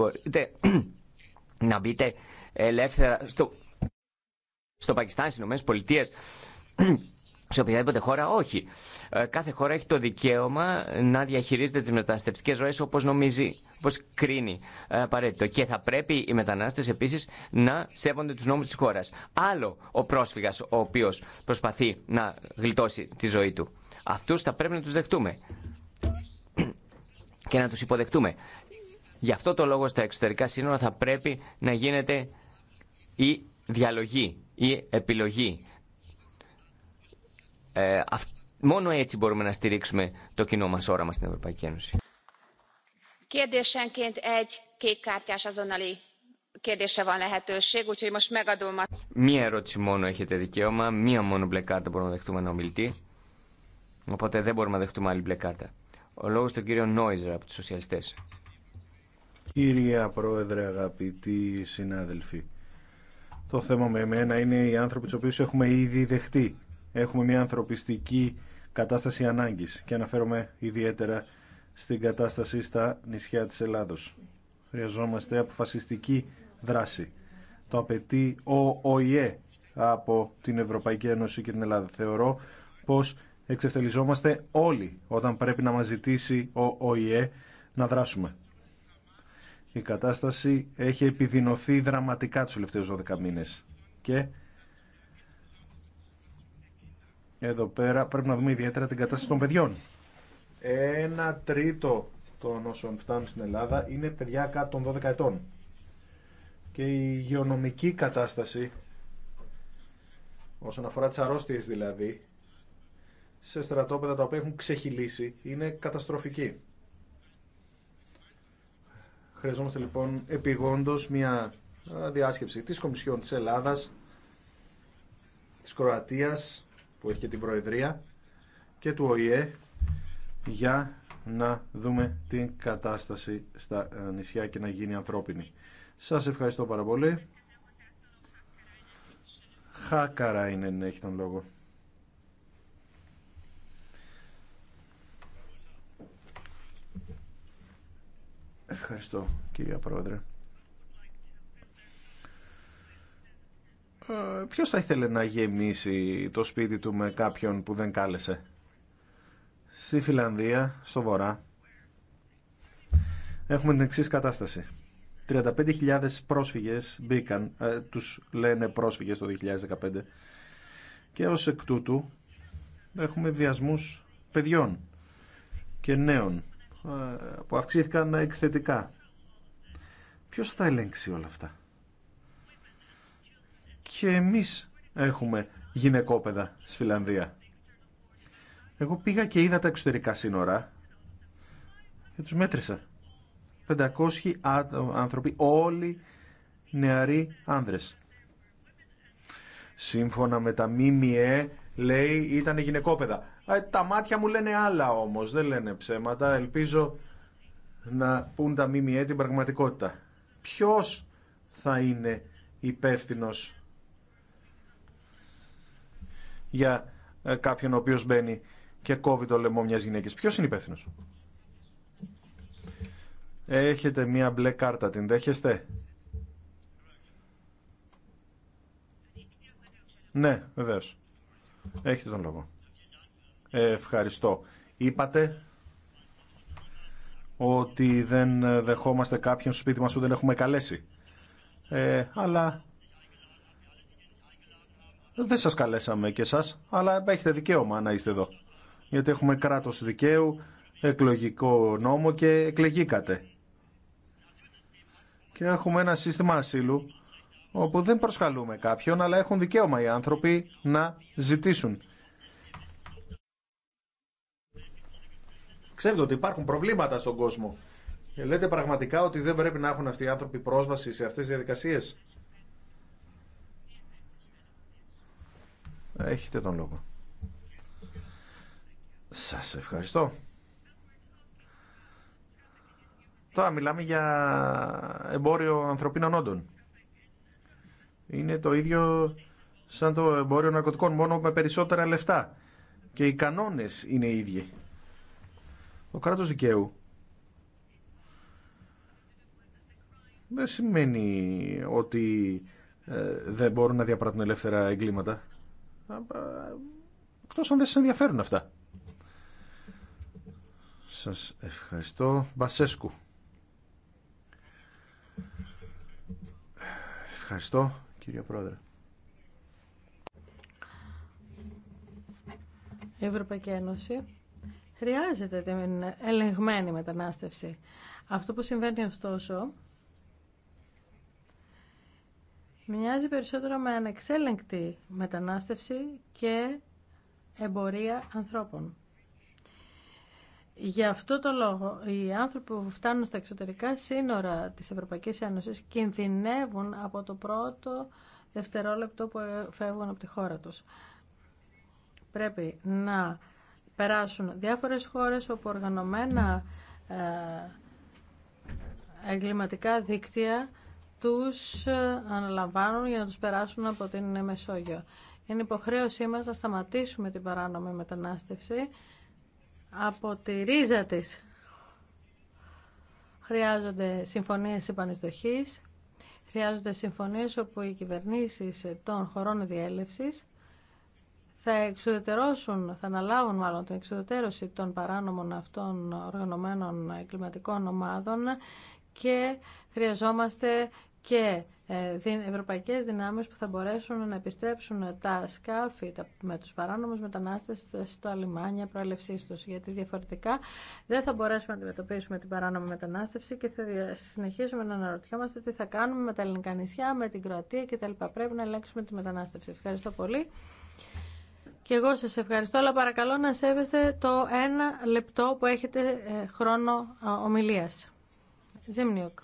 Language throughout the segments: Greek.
μπορείτε να μπείτε ελεύθερα στο, στο Πακιστάν, στις Ηνωμένες Πολιτείες, σε οποιαδήποτε χώρα, όχι. Ε, κάθε χώρα έχει το δικαίωμα να διαχειρίζεται τις μεταναστευτικές ροές όπως νομίζει, όπως κρίνει ε, απαραίτητο. Και θα πρέπει οι μετανάστες επίσης να σέβονται τους νόμους της χώρας. Άλλο ο πρόσφυγας ο οποίος προσπαθεί να γλιτώσει τη ζωή του. Αυτούς θα πρέπει να τους δεχτούμε και να τους υποδεχτούμε. Γι' αυτό το λόγο στα εξωτερικά σύνορα θα πρέπει να γίνεται η διαλογή, η επιλογή. Ε, μόνο έτσι μπορούμε να στηρίξουμε το κοινό μας όραμα στην Ευρωπαϊκή Ένωση. Μία ερώτηση μόνο έχετε δικαίωμα, μία μόνο μπλε κάρτα μπορούμε να δεχτούμε ένα ομιλητή. Οπότε δεν μπορούμε να δεχτούμε άλλη μπλε κάρτα. Ο λόγος του κύριο Νόιζερ από τους σοσιαλιστές. Κύρια Πρόεδρε, αγαπητοί συνάδελφοι, το θέμα με εμένα είναι οι άνθρωποι του οποίου έχουμε ήδη δεχτεί. Έχουμε μια ανθρωπιστική κατάσταση ανάγκης και αναφέρομαι ιδιαίτερα στην κατάσταση στα νησιά της Ελλάδος. Χρειαζόμαστε αποφασιστική δράση. Το απαιτεί ο ΟΗΕ από την Ευρωπαϊκή Ένωση και την Ελλάδα. Θεωρώ πως εξευτελιζόμαστε όλοι όταν πρέπει να μα ζητήσει ο ΟΗΕ να δράσουμε η κατάσταση έχει επιδεινωθεί δραματικά τους τελευταίους 12 μήνες. Και εδώ πέρα πρέπει να δούμε ιδιαίτερα την κατάσταση των παιδιών. Ένα τρίτο των όσων φτάνουν στην Ελλάδα είναι παιδιά κάτω των 12 ετών. Και η υγειονομική κατάσταση, όσον αφορά τις αρρώστιες δηλαδή, σε στρατόπεδα τα οποία έχουν ξεχυλήσει, είναι καταστροφική. Χρειαζόμαστε λοιπόν επιγόντως μια διάσκεψη της Κομισιόν της Ελλάδας, της Κροατίας που έχει και την Προεδρία και του ΟΗΕ για να δούμε την κατάσταση στα ε, νησιά και να γίνει ανθρώπινη. Σας ευχαριστώ πάρα πολύ. Χάκαρα είναι, έχει τον λόγο. Ευχαριστώ κυρία Πρόεδρε. Ε, ποιος θα ήθελε να γεμίσει το σπίτι του με κάποιον που δεν κάλεσε. Στη Φιλανδία, στο βορρά, έχουμε την εξή κατάσταση. 35.000 πρόσφυγες μπήκαν, ε, τους λένε πρόσφυγες το 2015 και ως εκ τούτου έχουμε βιασμούς παιδιών και νέων ε, που αυξήθηκαν εκθετικά. Ποιος θα ελέγξει όλα αυτά. Και εμείς έχουμε γυναικόπαιδα στη Φιλανδία. Εγώ πήγα και είδα τα εξωτερικά σύνορα και τους μέτρησα. 500 άνθρωποι, όλοι νεαροί άνδρες. Σύμφωνα με τα ΜΜΕ, λέει, ήταν γυναικόπαιδα. Τα μάτια μου λένε άλλα όμως, δεν λένε ψέματα. Ελπίζω να πούν τα ΜΜΕ την πραγματικότητα. Ποιος θα είναι υπεύθυνο για ε, κάποιον ο οποίος μπαίνει και κόβει το λαιμό μιας γυναίκης. Ποιος είναι υπεύθυνο. Έχετε μία μπλε κάρτα, την δέχεστε. Ναι, βεβαίως. Έχετε τον λόγο. Ευχαριστώ. Είπατε ότι δεν δεχόμαστε κάποιον στο σπίτι μας που δεν έχουμε καλέσει. Ε, αλλά δεν σας καλέσαμε και σας, αλλά έχετε δικαίωμα να είστε εδώ. Γιατί έχουμε κράτος δικαίου, εκλογικό νόμο και εκλεγήκατε. Και έχουμε ένα σύστημα ασύλου όπου δεν προσκαλούμε κάποιον, αλλά έχουν δικαίωμα οι άνθρωποι να ζητήσουν Ξέρετε ότι υπάρχουν προβλήματα στον κόσμο. Ε, λέτε πραγματικά ότι δεν πρέπει να έχουν αυτοί οι άνθρωποι πρόσβαση σε αυτές τις διαδικασίες. Έχετε τον λόγο. Σας ευχαριστώ. Τώρα μιλάμε για εμπόριο ανθρωπίνων όντων. Είναι το ίδιο σαν το εμπόριο ναρκωτικών, μόνο με περισσότερα λεφτά. Και οι κανόνες είναι οι ίδιοι. Ο κράτος δικαίου δεν σημαίνει ότι ε, δεν μπορούν να διαπράττουν ελεύθερα εγκλήματα. Εκτός αν δεν σας ενδιαφέρουν αυτά. Σας ευχαριστώ. Μπασέσκου. Ευχαριστώ, κύριε Πρόεδρε. Ευρωπαϊκή Ένωση χρειάζεται την ελεγμένη μετανάστευση. Αυτό που συμβαίνει ωστόσο μοιάζει περισσότερο με ανεξέλεγκτη μετανάστευση και εμπορία ανθρώπων. Γι' αυτό το λόγο οι άνθρωποι που φτάνουν στα εξωτερικά σύνορα της Ευρωπαϊκής Ένωσης κινδυνεύουν από το πρώτο δευτερόλεπτο που φεύγουν από τη χώρα τους. Πρέπει να περάσουν διάφορες χώρες όπου οργανωμένα ε, εγκληματικά δίκτυα τους ε, αναλαμβάνουν για να τους περάσουν από την Μεσόγειο. Είναι υποχρέωσή μας να σταματήσουμε την παράνομη μετανάστευση από τη ρίζα της. Χρειάζονται συμφωνίες επανειστοχής, χρειάζονται συμφωνίες όπου οι κυβερνήσεις των χωρών διέλευσης θα εξουδετερώσουν, θα αναλάβουν μάλλον την εξουδετερώση των παράνομων αυτών οργανωμένων εγκληματικών ομάδων και χρειαζόμαστε και ε, ευρωπαϊκές δυνάμεις που θα μπορέσουν να επιστρέψουν τα σκάφη τα, με τους παράνομους μετανάστες στο λιμάνια προέλευσής τους γιατί διαφορετικά δεν θα μπορέσουμε να αντιμετωπίσουμε την παράνομη μετανάστευση και θα συνεχίσουμε να αναρωτιόμαστε τι θα κάνουμε με τα ελληνικά νησιά, με την Κροατία κτλ. Πρέπει να ελέγξουμε τη μετανάστευση. Ευχαριστώ πολύ. Και εγώ σας ευχαριστώ, αλλά παρακαλώ να σέβεστε το ένα λεπτό που έχετε ε, χρόνο ε, ομιλίας. Ζήμνιουκ.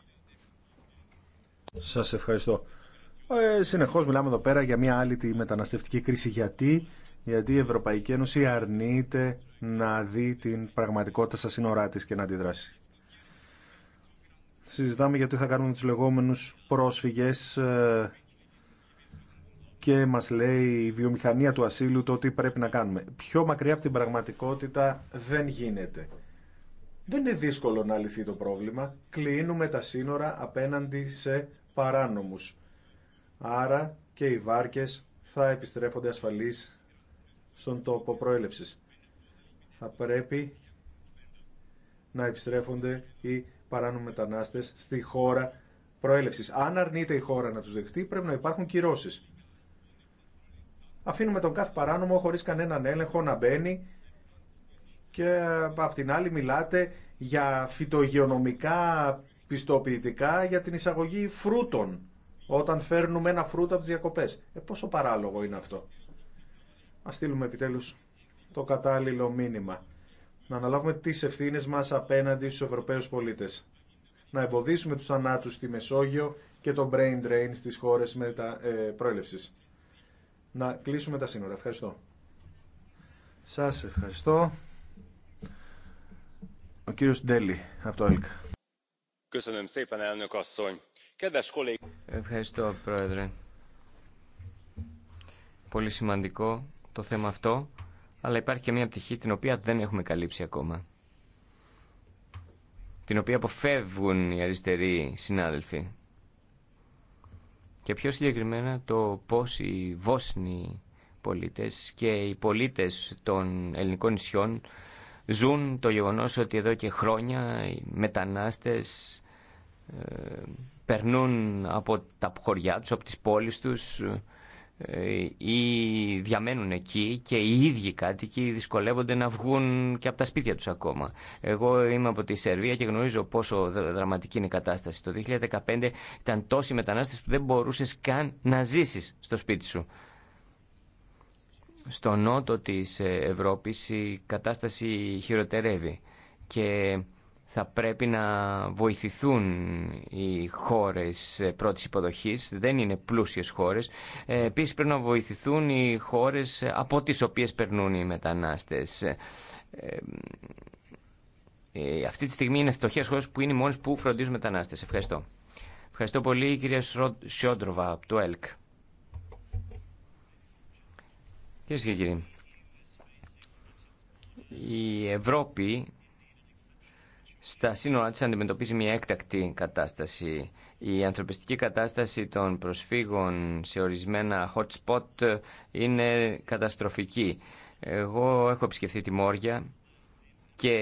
Σας ευχαριστώ. Ε, συνεχώς μιλάμε εδώ πέρα για μια άλλη τη μεταναστευτική κρίση. Γιατί, Γιατί η Ευρωπαϊκή Ένωση αρνείται να δει την πραγματικότητα στα σύνορά της και να αντιδράσει. Συζητάμε γιατί θα κάνουμε τους λεγόμενους πρόσφυγες ε, και μα λέει η βιομηχανία του ασύλου το τι πρέπει να κάνουμε. Πιο μακριά από την πραγματικότητα δεν γίνεται. Δεν είναι δύσκολο να λυθεί το πρόβλημα. Κλείνουμε τα σύνορα απέναντι σε παράνομους. Άρα και οι βάρκες θα επιστρέφονται ασφαλείς στον τόπο προέλευσης. Θα πρέπει να επιστρέφονται οι παράνομοι μετανάστες στη χώρα προέλευσης. Αν αρνείται η χώρα να τους δεχτεί πρέπει να υπάρχουν κυρώσεις αφήνουμε τον κάθε παράνομο χωρίς κανέναν έλεγχο να μπαίνει και ε, απ' την άλλη μιλάτε για φυτογεωνομικά πιστοποιητικά για την εισαγωγή φρούτων όταν φέρνουμε ένα φρούτο από τις διακοπές. Ε, πόσο παράλογο είναι αυτό. Ας στείλουμε επιτέλους το κατάλληλο μήνυμα. Να αναλάβουμε τις ευθύνες μας απέναντι στους Ευρωπαίους πολίτες. Να εμποδίσουμε τους θανάτους στη Μεσόγειο και το brain drain στις χώρες με ε, να κλείσουμε τα σύνορα. Ευχαριστώ. Σας ευχαριστώ. Ο κύριος Ντέλη από το ΕΛΚ. Ευχαριστώ, Πρόεδρε. Πολύ σημαντικό το θέμα αυτό, αλλά υπάρχει και μια πτυχή την οποία δεν έχουμε καλύψει ακόμα. Την οποία αποφεύγουν οι αριστεροί συνάδελφοι και πιο συγκεκριμένα το πώς οι Βόσνοι πολίτες και οι πολίτες των ελληνικών νησιών ζουν το γεγονός ότι εδώ και χρόνια οι μετανάστες ε, περνούν από τα χωριά τους, από τις πόλεις τους ε, ή διαμένουν εκεί και οι ίδιοι κάτοικοι δυσκολεύονται να βγουν και από τα σπίτια τους ακόμα. Εγώ είμαι από τη Σερβία και γνωρίζω πόσο δραματική είναι η κατάσταση. Το 2015 ήταν τόσοι μετανάστες που δεν μπορούσες καν να ζήσεις στο σπίτι σου. Στο νότο της ε, Ευρώπης η κατάσταση χειροτερεύει και θα πρέπει να βοηθηθούν οι χώρες ε, πρώτης υποδοχής, δεν είναι πλούσιες χώρες. Ε, επίσης πρέπει να βοηθηθούν οι χώρες ε, από τις οποίες περνούν οι μετανάστες. Αυτή τη στιγμή είναι φτωχέ χώρε που είναι οι μόνες που φροντίζουν μετανάστες. Ευχαριστώ. Ευχαριστώ πολύ, η κυρία Σιόντροβα από το ΕΛΚ. Κυρίε και κύριοι, η Ευρώπη στα σύνορά της αντιμετωπίζει μια έκτακτη κατάσταση. Η ανθρωπιστική κατάσταση των προσφύγων σε ορισμένα hot spot είναι καταστροφική. Εγώ έχω επισκεφθεί τη Μόρια και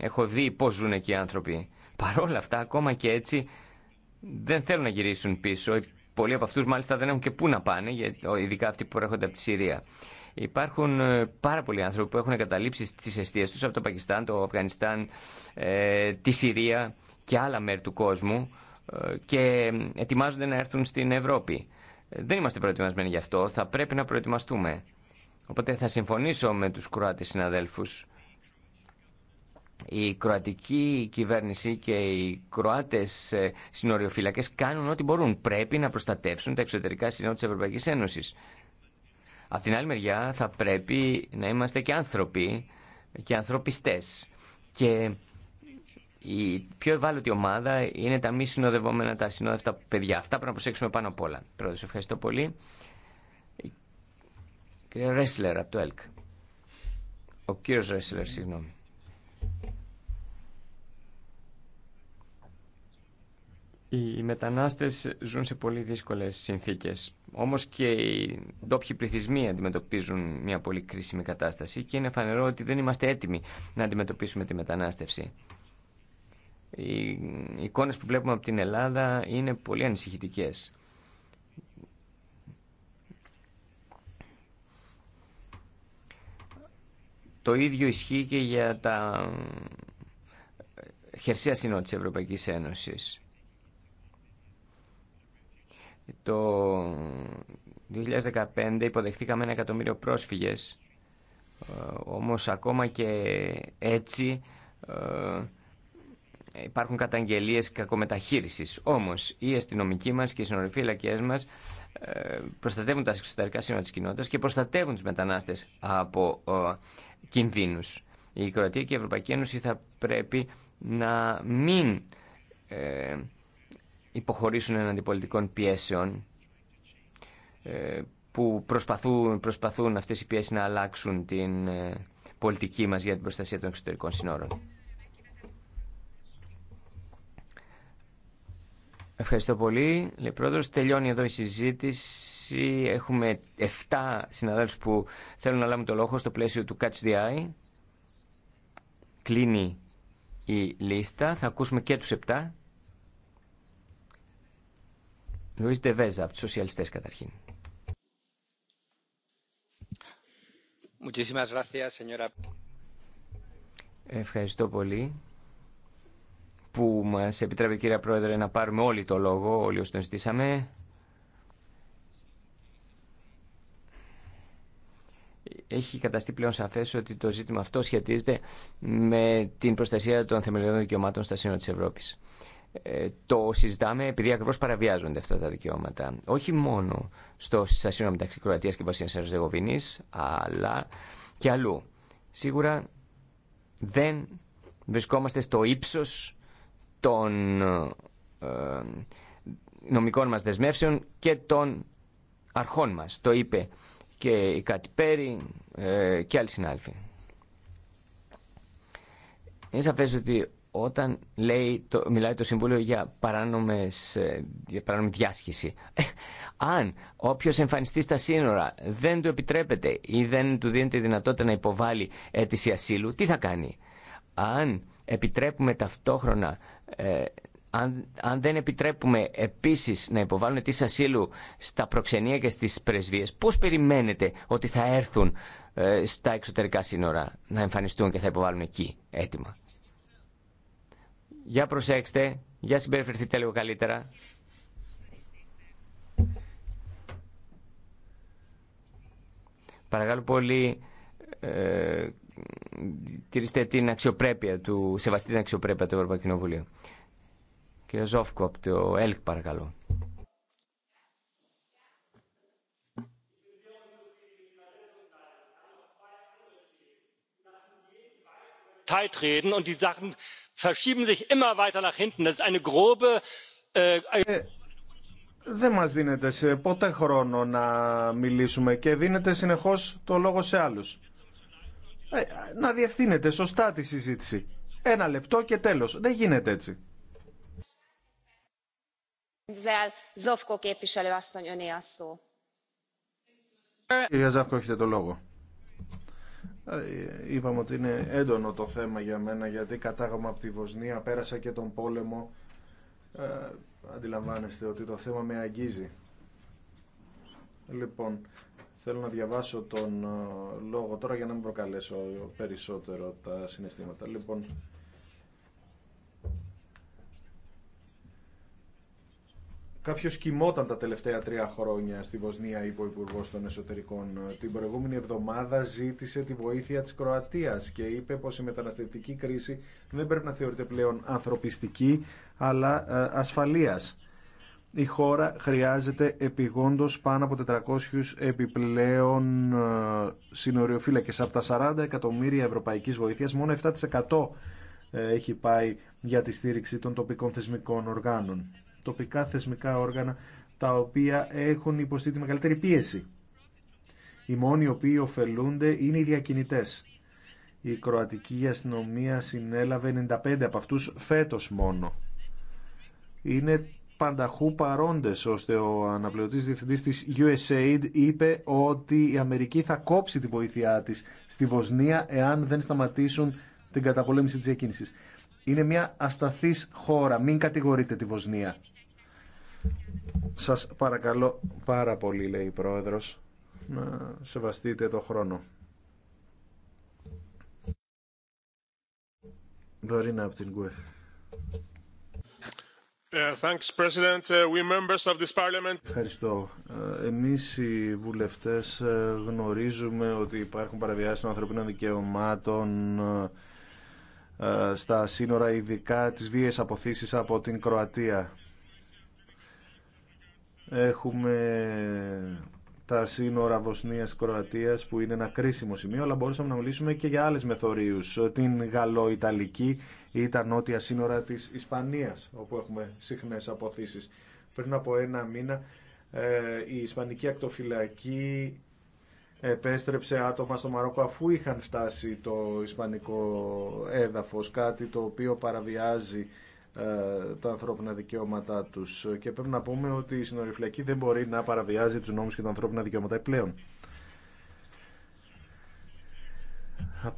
έχω δει πώς ζουν εκεί οι άνθρωποι. Παρόλα αυτά, ακόμα και έτσι, δεν θέλουν να γυρίσουν πίσω. Πολλοί από αυτούς μάλιστα δεν έχουν και πού να πάνε, ειδικά αυτοί που προέρχονται από τη Συρία. Υπάρχουν ε, πάρα πολλοί άνθρωποι που έχουν εγκαταλείψει τι αιστείε του από το Πακιστάν, το Αφγανιστάν, ε, τη Συρία και άλλα μέρη του κόσμου ε, και ετοιμάζονται να έρθουν στην Ευρώπη. Δεν είμαστε προετοιμασμένοι γι' αυτό. Θα πρέπει να προετοιμαστούμε. Οπότε θα συμφωνήσω με τους Κροάτες συναδέλφους. Η κροατική κυβέρνηση και οι Κροάτες συνοριοφύλακες κάνουν ό,τι μπορούν. Πρέπει να προστατεύσουν τα εξωτερικά σύνορα της Ευρωπαϊκής Ένωσης. Απ' την άλλη μεριά θα πρέπει να είμαστε και άνθρωποι και ανθρωπιστές. Και η πιο ευάλωτη ομάδα είναι τα μη συνοδευόμενα, τα συνόδευτα παιδιά. Αυτά πρέπει να προσέξουμε πάνω απ' όλα. Πρόεδρε, ευχαριστώ πολύ. Κύριε Ρέσλερ από το ΕΛΚ. Ο κύριος Ρέσλερ, συγγνώμη. Οι μετανάστες ζουν σε πολύ δύσκολες συνθήκες. Όμως και οι ντόπιοι πληθυσμοί αντιμετωπίζουν μια πολύ κρίσιμη κατάσταση και είναι φανερό ότι δεν είμαστε έτοιμοι να αντιμετωπίσουμε τη μετανάστευση. Οι εικόνες που βλέπουμε από την Ελλάδα είναι πολύ ανησυχητικές. Το ίδιο ισχύει και για τα χερσαία σύνορα της Ευρωπαϊκής Ένωσης. Το 2015 υποδεχθήκαμε ένα εκατομμύριο πρόσφυγες, ε, όμως ακόμα και έτσι ε, υπάρχουν καταγγελίες κακομεταχείρισης. Όμως οι αστυνομικοί μας και οι συνοριοφύλακές μας ε, προστατεύουν τα εξωτερικά σύνορα της κοινότητας και προστατεύουν τους μετανάστες από κινδύνους. Η Κροατία και η Ευρωπαϊκή Ένωση θα πρέπει να μην υποχωρήσουν εναντί πιέσεων ε, που προσπαθούν, προσπαθούν αυτές οι πιέσεις να αλλάξουν την ε, πολιτική μας για την προστασία των εξωτερικών συνόρων. Ευχαριστώ πολύ. Λέει πρόεδρος, τελειώνει εδώ η συζήτηση. Έχουμε 7 συναδέλφους που θέλουν να λάβουν το λόγο στο πλαίσιο του Catch the Eye. Κλείνει η λίστα. Θα ακούσουμε και τους 7. Λουίς Ντεβέζα από τους Σοσιαλιστές καταρχήν. Ευχαριστώ πολύ που μας επιτρέπει κύριε Πρόεδρε να πάρουμε όλοι το λόγο, όλοι όσοι τον ζητήσαμε. Έχει καταστεί πλέον σαφές ότι το ζήτημα αυτό σχετίζεται με την προστασία των θεμελιωδών δικαιωμάτων στα σύνορα της Ευρώπης. Ε, το συζητάμε επειδή ακριβώ παραβιάζονται αυτά τα δικαιώματα. Όχι μόνο στο σύνορα μεταξύ Κροατία και Βοσνία Ερζεγοβίνη, αλλά και αλλού. Σίγουρα δεν βρισκόμαστε στο ύψο των ε, νομικών μας δεσμεύσεων και των αρχών μας. Το είπε και η Κατυπέρη ε, και άλλοι συνάδελφοι. Είναι σαφές ότι όταν λέει, το, μιλάει το Συμβούλιο για, παράνομες, ε, για παράνομη διάσχυση, ε, Αν όποιο εμφανιστεί στα σύνορα δεν του επιτρέπεται ή δεν του δίνεται η δυνατότητα να υποβάλει αίτηση ασύλου, τι θα κάνει. Αν επιτρέπουμε ταυτόχρονα, ε, αν, δεν επιτρέπουμε επίσης να υποβάλουν αίτηση ασύλου στα προξενία και στις πρεσβείες, πώς περιμένετε ότι θα έρθουν στα εξωτερικά σύνορα να εμφανιστούν και θα υποβάλουν εκεί έτοιμα. Για προσέξτε, για συμπεριφερθείτε λίγο καλύτερα. Παρακαλώ πολύ, ε, τηρήστε την αξιοπρέπεια του, σεβαστείτε την αξιοπρέπεια του Ευρωπαϊκού Κοινοβουλίου. Κύριε Ζόφκο, από το ΕΛΚ, παρακαλώ. reden und die sachen verschieben sich immer weiter nach hinten. das ist eine grobe äh, ε, δεν μας δίνεται σε ποτέ χρόνο να μιλήσουμε και δίνεται συνεχώς το λόγο σε άλλους. Ε, να διευθύνεται σωστά τη συζήτηση. Ένα λεπτό και τέλος. Δεν γίνεται έτσι. Κυρία Ζαύκο, έχετε το λόγο. Ε, είπαμε ότι είναι έντονο το θέμα για μένα γιατί κατάγομαι από τη Βοσνία, πέρασα και τον πόλεμο. Ε, αντιλαμβάνεστε ότι το θέμα με αγγίζει. Λοιπόν, θέλω να διαβάσω τον ε, λόγο τώρα για να μην προκαλέσω περισσότερο τα συναισθήματα. Λοιπόν, Κάποιο κοιμόταν τα τελευταία τρία χρόνια στη Βοσνία, είπε ο Υπουργό των Εσωτερικών. Την προηγούμενη εβδομάδα ζήτησε τη βοήθεια τη Κροατία και είπε πω η μεταναστευτική κρίση δεν πρέπει να θεωρείται πλέον ανθρωπιστική, αλλά ε, ασφαλεία. Η χώρα χρειάζεται επιγόντως πάνω από 400 επιπλέον ε, συνοριοφύλακες. Από τα 40 εκατομμύρια Ευρωπαϊκή βοήθεια μόνο 7% ε, έχει πάει για τη στήριξη των τοπικών θεσμικών οργάνων τοπικά θεσμικά όργανα τα οποία έχουν υποστεί τη μεγαλύτερη πίεση. Οι μόνοι οι οποίοι ωφελούνται είναι οι διακινητές. Η κροατική αστυνομία συνέλαβε 95 από αυτούς φέτος μόνο. Είναι πανταχού παρόντες, ώστε ο αναπληρωτής διευθυντής της USAID είπε ότι η Αμερική θα κόψει τη βοήθειά της στη Βοσνία εάν δεν σταματήσουν την καταπολέμηση της διακίνησης. Είναι μια ασταθής χώρα. Μην κατηγορείτε τη Βοσνία. Σας παρακαλώ πάρα πολύ, λέει η Πρόεδρος, να σεβαστείτε το χρόνο. members από την ε, ε, Parliament. Ευχαριστώ. Ε, εμείς οι βουλευτές γνωρίζουμε ότι υπάρχουν παραβιάσεις των ανθρωπίνων δικαιωμάτων στα σύνορα, ειδικά τις βίες αποθήσεις από την Κροατία. Έχουμε τα σύνορα Βοσνίας-Κροατίας που είναι ένα κρίσιμο σημείο, αλλά μπορούσαμε να μιλήσουμε και για άλλες μεθορίους, την Γαλλο-Ιταλική ή τα νότια σύνορα της Ισπανίας, όπου έχουμε συχνές αποθήσεις. Πριν από ένα μήνα ε, η Ισπανική ακτοφυλακή επέστρεψε άτομα στο Μαρόκο αφού είχαν φτάσει το Ισπανικό έδαφος, κάτι το οποίο παραβιάζει ε, τα ανθρώπινα δικαιώματά τους και πρέπει να πούμε ότι η συνοριφλακή δεν μπορεί να παραβιάζει τους νόμους και τα ανθρώπινα δικαιώματα επίπλεον.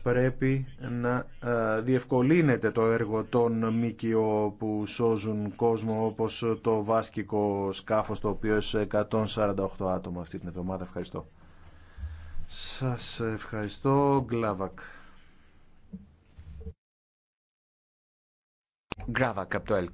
πρέπει να ε, διευκολύνεται το έργο των ΜΚΟ που σώζουν κόσμο όπως το βάσκικο σκάφος το οποίο σε 148 άτομα αυτή την εβδομάδα. Ευχαριστώ. Σας ευχαριστώ. Γκλάβακ. Γκράβακ από μια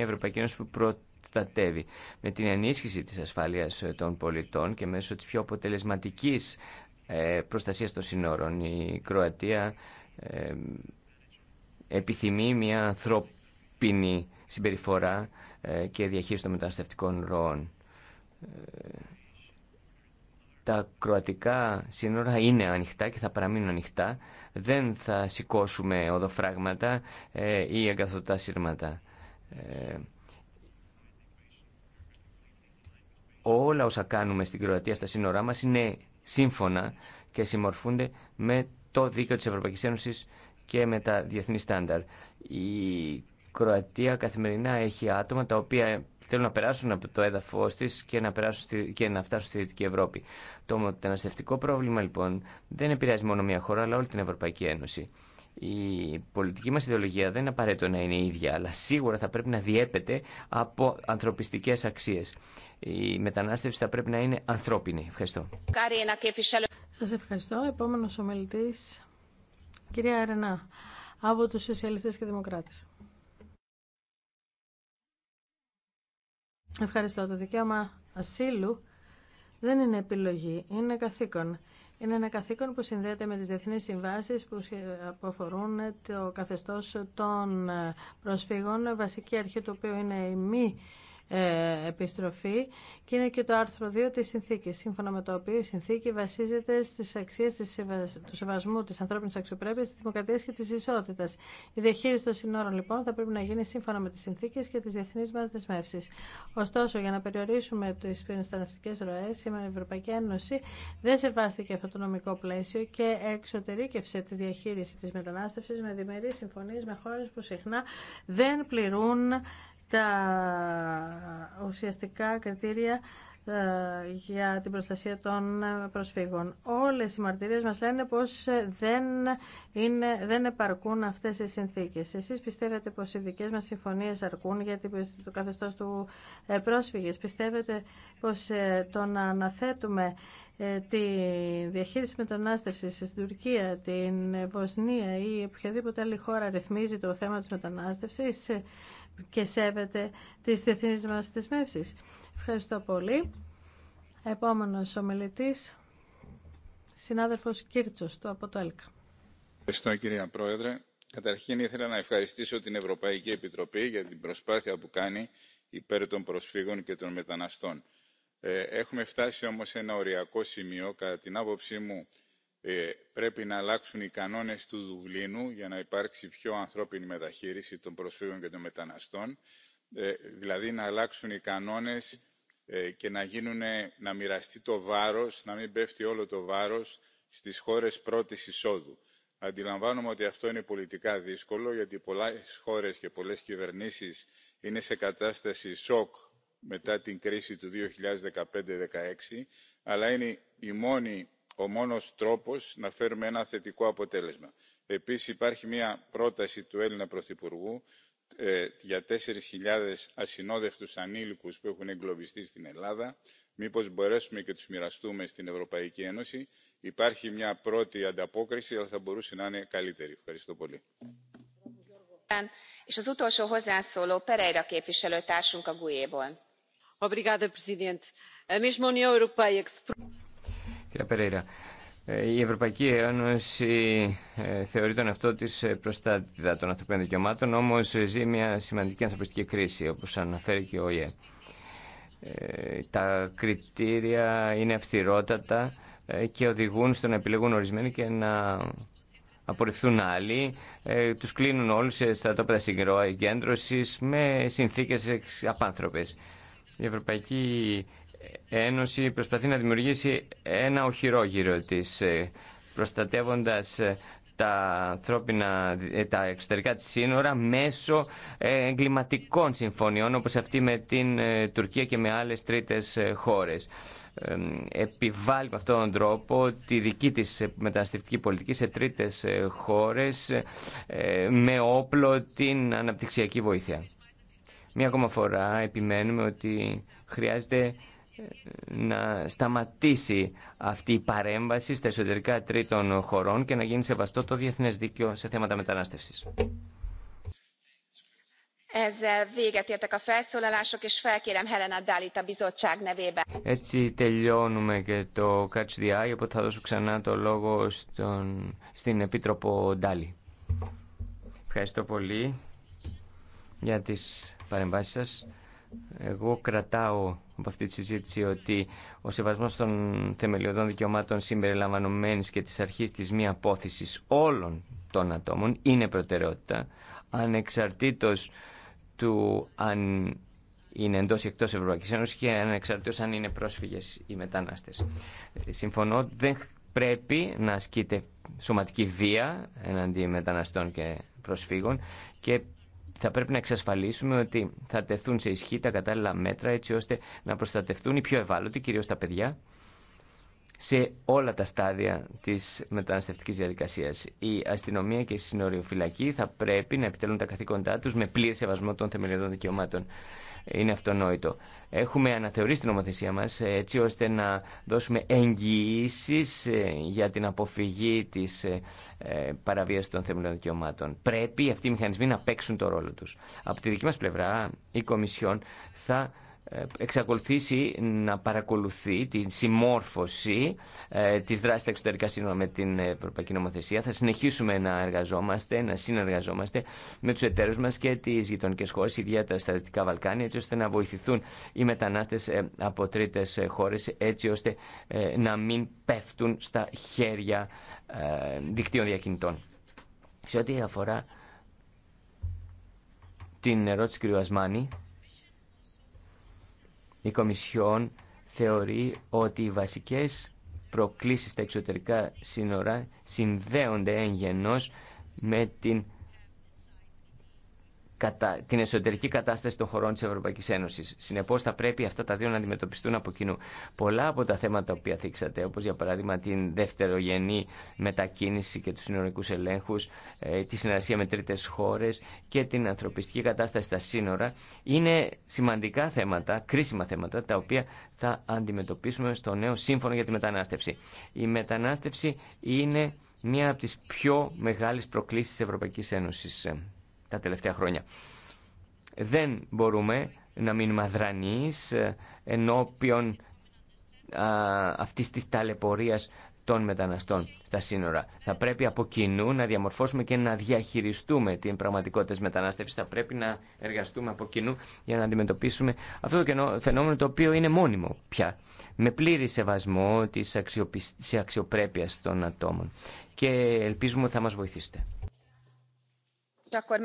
Ευρωπαϊκή Ένωση που προστατεύει. Με την ενίσχυση τη ασφάλεια ε, των πολιτών και μέσω τη πιο αποτελεσματική ε, προστασία των συνόρων, η Κροατία ε, επιθυμεί μια ανθρώπινη συμπεριφορά και διαχείριση των μεταναστευτικών ροών. Τα κροατικά σύνορα είναι ανοιχτά και θα παραμείνουν ανοιχτά. Δεν θα σηκώσουμε οδοφράγματα ε, ή εγκαθωτά σύρματα. Ε, όλα όσα κάνουμε στην Κροατία στα σύνορά μας είναι σύμφωνα και συμμορφούνται με το δίκαιο της Ευρωπαϊκής Ένωσης και με τα διεθνή στάνταρ. Κροατία καθημερινά έχει άτομα τα οποία θέλουν να περάσουν από το έδαφο τη και, να και να φτάσουν στη Δυτική Ευρώπη. Το μεταναστευτικό πρόβλημα λοιπόν δεν επηρεάζει μόνο μία χώρα αλλά όλη την Ευρωπαϊκή Ένωση. Η πολιτική μα ιδεολογία δεν είναι απαραίτητο να είναι η ίδια, αλλά σίγουρα θα πρέπει να διέπεται από ανθρωπιστικέ αξίε. Η μετανάστευση θα πρέπει να είναι ανθρώπινη. Ευχαριστώ. Σα ευχαριστώ. Επόμενο ομιλητή, κυρία Αρενά, από του Σοσιαλιστέ και Δημοκράτε. Ευχαριστώ. Το δικαίωμα ασύλου δεν είναι επιλογή, είναι καθήκον. Είναι ένα καθήκον που συνδέεται με τις διεθνείς συμβάσεις που αφορούν το καθεστώς των ε, προσφύγων, βασική αρχή του οποίου είναι η μη ε, επιστροφή και είναι και το άρθρο 2 της συνθήκης, σύμφωνα με το οποίο η συνθήκη βασίζεται στις αξίες του σεβασμού της ανθρώπινης αξιοπρέπειας, της δημοκρατίας και της ισότητας. Η διαχείριση των συνόρων λοιπόν θα πρέπει να γίνει σύμφωνα με τις συνθήκες και τις διεθνείς μας δεσμεύσεις. Ωστόσο, για να περιορίσουμε τις πυρηνιστανευτικές ροές, σήμερα η Ευρωπαϊκή Ένωση δεν σεβάστηκε αυτό το νομικό πλαίσιο και εξωτερήκευσε τη διαχείριση της μετανάστευσης με διμερείς συμφωνίες με χώρες που συχνά δεν πληρούν τα ουσιαστικά κριτήρια ε, για την προστασία των προσφύγων. Όλες οι μαρτυρίες μας λένε πως δεν, είναι, δεν επαρκούν αυτές οι συνθήκες. Εσείς πιστεύετε πως οι δικές μας συμφωνίες αρκούν για το καθεστώς του ε, πρόσφυγες. Πιστεύετε πως ε, το να αναθέτουμε τη διαχείριση μετανάστευση στην Τουρκία, την Βοσνία ή οποιαδήποτε άλλη χώρα ρυθμίζει το θέμα της μετανάστευσης και σέβεται τις διεθνείς μας δεσμεύσεις. Ευχαριστώ πολύ. Επόμενος ομιλητής, συνάδελφος Κίρτσος του από το ΕΛΚΑ. Ευχαριστώ κυρία Πρόεδρε. Καταρχήν ήθελα να ευχαριστήσω την Ευρωπαϊκή Επιτροπή για την προσπάθεια που κάνει υπέρ των προσφύγων και των μεταναστών. Ε, έχουμε φτάσει όμως σε ένα οριακό σημείο, κατά την άποψή μου ε, πρέπει να αλλάξουν οι κανόνες του δουβλίνου για να υπάρξει πιο ανθρώπινη μεταχείριση των προσφύγων και των μεταναστών ε, δηλαδή να αλλάξουν οι κανόνες ε, και να, γίνουν, να μοιραστεί το βάρος να μην πέφτει όλο το βάρος στις χώρες πρώτης εισόδου. Αντιλαμβάνομαι ότι αυτό είναι πολιτικά δύσκολο γιατί πολλές χώρες και πολλές κυβερνήσεις είναι σε κατάσταση σοκ μετά την κρίση του 2015-2016 αλλά είναι η μόνη ο μόνος τρόπος να φέρουμε ένα θετικό αποτέλεσμα. επίσης υπάρχει μια πρόταση του έλληνα πρωθυπουργού ε, για τέσσερις χιλιάδες ασυνόδευτους ανήλικους που έχουν εγκλωβιστεί στην ελλάδα μήπως μπορέσουμε και τους μοιραστούμε στην ευρωπαϊκή ένωση. υπάρχει μια πρώτη ανταπόκριση αλλά θα μπορούσε να είναι καλύτερη. ευχαριστώ πολύ. Κύριε Περέιρα, ε, η Ευρωπαϊκή Ένωση ε, θεωρεί τον εαυτό τη ε, προστάτητα των ανθρωπίνων δικαιωμάτων, όμω ζει μια σημαντική ανθρωπιστική κρίση, όπω αναφέρει και ο ΙΕ. Τα κριτήρια είναι αυστηρότατα και οδηγούν στο να επιλέγουν ορισμένοι και να απορριφθούν άλλοι. Τους κλείνουν όλους σε στρατόπεδα συγκέντρωσης με συνθήκες απάνθρωπες. Η Ευρωπαϊκή Ένωση προσπαθεί να δημιουργήσει ένα οχυρό γύρω της, ε, προστατεύοντας ε, τα, ανθρώπινα, ε, τα εξωτερικά της σύνορα μέσω εγκληματικών συμφωνιών όπως αυτή με την Τουρκία και με άλλες τρίτες χώρες. Επιβάλλει με αυτόν τον τρόπο τη δική της μεταναστευτική πολιτική σε τρίτες χώρες με όπλο την αναπτυξιακή βοήθεια. Μία ακόμα φορά επιμένουμε ότι χρειάζεται να σταματήσει αυτή η παρέμβαση στα εσωτερικά τρίτων χωρών και να γίνει σεβαστό το διεθνές δίκαιο σε θέματα μετανάστευσης. Έτσι τελειώνουμε και το Catch the Eye, οπότε θα δώσω ξανά το λόγο στην Επίτροπο Ντάλι. Ευχαριστώ πολύ για τις παρεμβάσεις σας. Εγώ κρατάω από αυτή τη συζήτηση ότι ο σεβασμό των θεμελιωδών δικαιωμάτων συμπεριλαμβανομένης και της αρχής της μη απόθεση όλων των ατόμων είναι προτεραιότητα ανεξαρτήτως του αν είναι εντό ή εκτός Ευρωπαϊκή Ένωση και ανεξαρτήτως αν είναι πρόσφυγες ή μετανάστες. Συμφωνώ, ότι δεν πρέπει να ασκείται σωματική βία εναντί μεταναστών και προσφύγων και θα πρέπει να εξασφαλίσουμε ότι θα τεθούν σε ισχύ τα κατάλληλα μέτρα έτσι ώστε να προστατευτούν οι πιο ευάλωτοι, κυρίως τα παιδιά, σε όλα τα στάδια της μεταναστευτικής διαδικασίας. Η αστυνομία και η συνοριοφυλακή θα πρέπει να επιτελούν τα καθήκοντά τους με πλήρη σεβασμό των θεμελιωδών δικαιωμάτων είναι αυτονόητο. Έχουμε αναθεωρήσει την νομοθεσία μας ε, έτσι ώστε να δώσουμε εγγυήσει ε, για την αποφυγή της ε, παραβίασης των θεμελιών δικαιωμάτων. Πρέπει αυτοί οι μηχανισμοί να παίξουν το ρόλο τους. Από τη δική μας πλευρά η Κομισιόν θα εξακολουθήσει να παρακολουθεί τη συμμόρφωση ε, της δράσης εξωτερικά σύνορα με την Ευρωπαϊκή Νομοθεσία. Θα συνεχίσουμε να εργαζόμαστε, να συνεργαζόμαστε με τους εταίρους μας και τις γειτονικές χώρες, ιδιαίτερα στα Δυτικά Βαλκάνια, έτσι ώστε να βοηθηθούν οι μετανάστες ε, από τρίτες χώρες, έτσι ώστε ε, να μην πέφτουν στα χέρια ε, δικτύων διακινητών. Σε ό,τι αφορά την ερώτηση κ. Ασμάνη, η Κομισιόν θεωρεί ότι οι βασικές προκλήσεις στα εξωτερικά σύνορα συνδέονται εν με την κατά, την εσωτερική κατάσταση των χωρών τη Ευρωπαϊκή Ένωση. Συνεπώ θα πρέπει αυτά τα δύο να αντιμετωπιστούν από κοινού. Πολλά από τα θέματα που θίξατε, όπως για παράδειγμα την δευτερογενή μετακίνηση και του συνορικού ελέγχου, ε, τη συνεργασία με τρίτες χώρε και την ανθρωπιστική κατάσταση στα σύνορα, είναι σημαντικά θέματα, κρίσιμα θέματα, τα οποία θα αντιμετωπίσουμε στο νέο σύμφωνο για τη μετανάστευση. Η μετανάστευση είναι μία από τις πιο μεγάλες προκλήσεις της Ευρωπαϊκής Ένωσης τα τελευταία χρόνια. Δεν μπορούμε να μείνουμε αδρανείς ε, ενώπιον α, αυτής της ταλαιπωρίας των μεταναστών στα σύνορα. Θα πρέπει από κοινού να διαμορφώσουμε και να διαχειριστούμε την πραγματικότητα της μετανάστευσης. Θα πρέπει να εργαστούμε από κοινού για να αντιμετωπίσουμε αυτό το φαινόμενο το οποίο είναι μόνιμο πια. Με πλήρη σεβασμό της αξιοπρέπειας των ατόμων. Και ελπίζουμε ότι θα μας βοηθήσετε akkor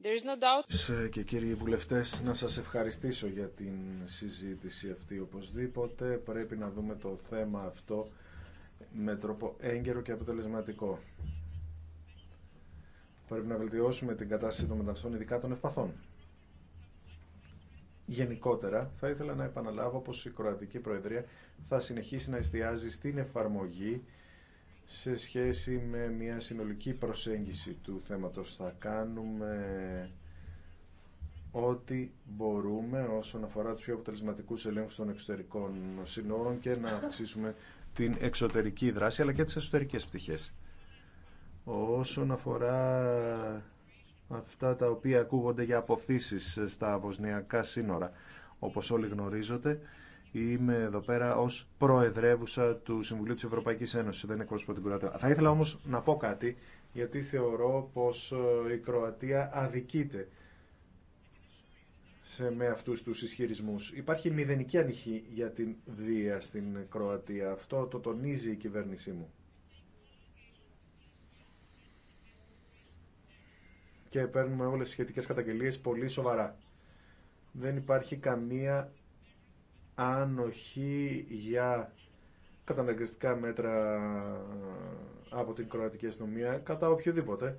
ε, Ο να σας ευχαριστήσω για την συζήτηση αυτή. Οπωσδήποτε πρέπει να δούμε το θέμα αυτό με τρόπο έγκαιρο και αποτελεσματικό. Πρέπει να βελτιώσουμε την κατάσταση των μεταναστών, ειδικά των ευπαθών. Γενικότερα, θα ήθελα να επαναλάβω πως η Κροατική Προεδρία θα συνεχίσει να εστιάζει στην εφαρμογή σε σχέση με μια συνολική προσέγγιση του θέματος. Θα κάνουμε ό,τι μπορούμε όσον αφορά τους πιο αποτελεσματικούς ελέγχους των εξωτερικών συνόρων και να αυξήσουμε την εξωτερική δράση αλλά και τις εσωτερικές πτυχές όσον αφορά αυτά τα οποία ακούγονται για αποθήσεις στα βοσνιακά σύνορα. Όπως όλοι γνωρίζετε, είμαι εδώ πέρα ως προεδρεύουσα του Συμβουλίου της Ευρωπαϊκής Ένωσης, δεν την Κροατία. Θα ήθελα όμως να πω κάτι, γιατί θεωρώ πως ε, η Κροατία αδικείται σε, με αυτούς τους ισχυρισμούς. Υπάρχει μηδενική ανοχή για την βία στην Κροατία. Αυτό το τονίζει η κυβέρνησή μου. και παίρνουμε όλε τι σχετικέ καταγγελίε πολύ σοβαρά. Δεν υπάρχει καμία άνοχη για καταναγκριστικά μέτρα από την Κροατική αστυνομία κατά οποιοδήποτε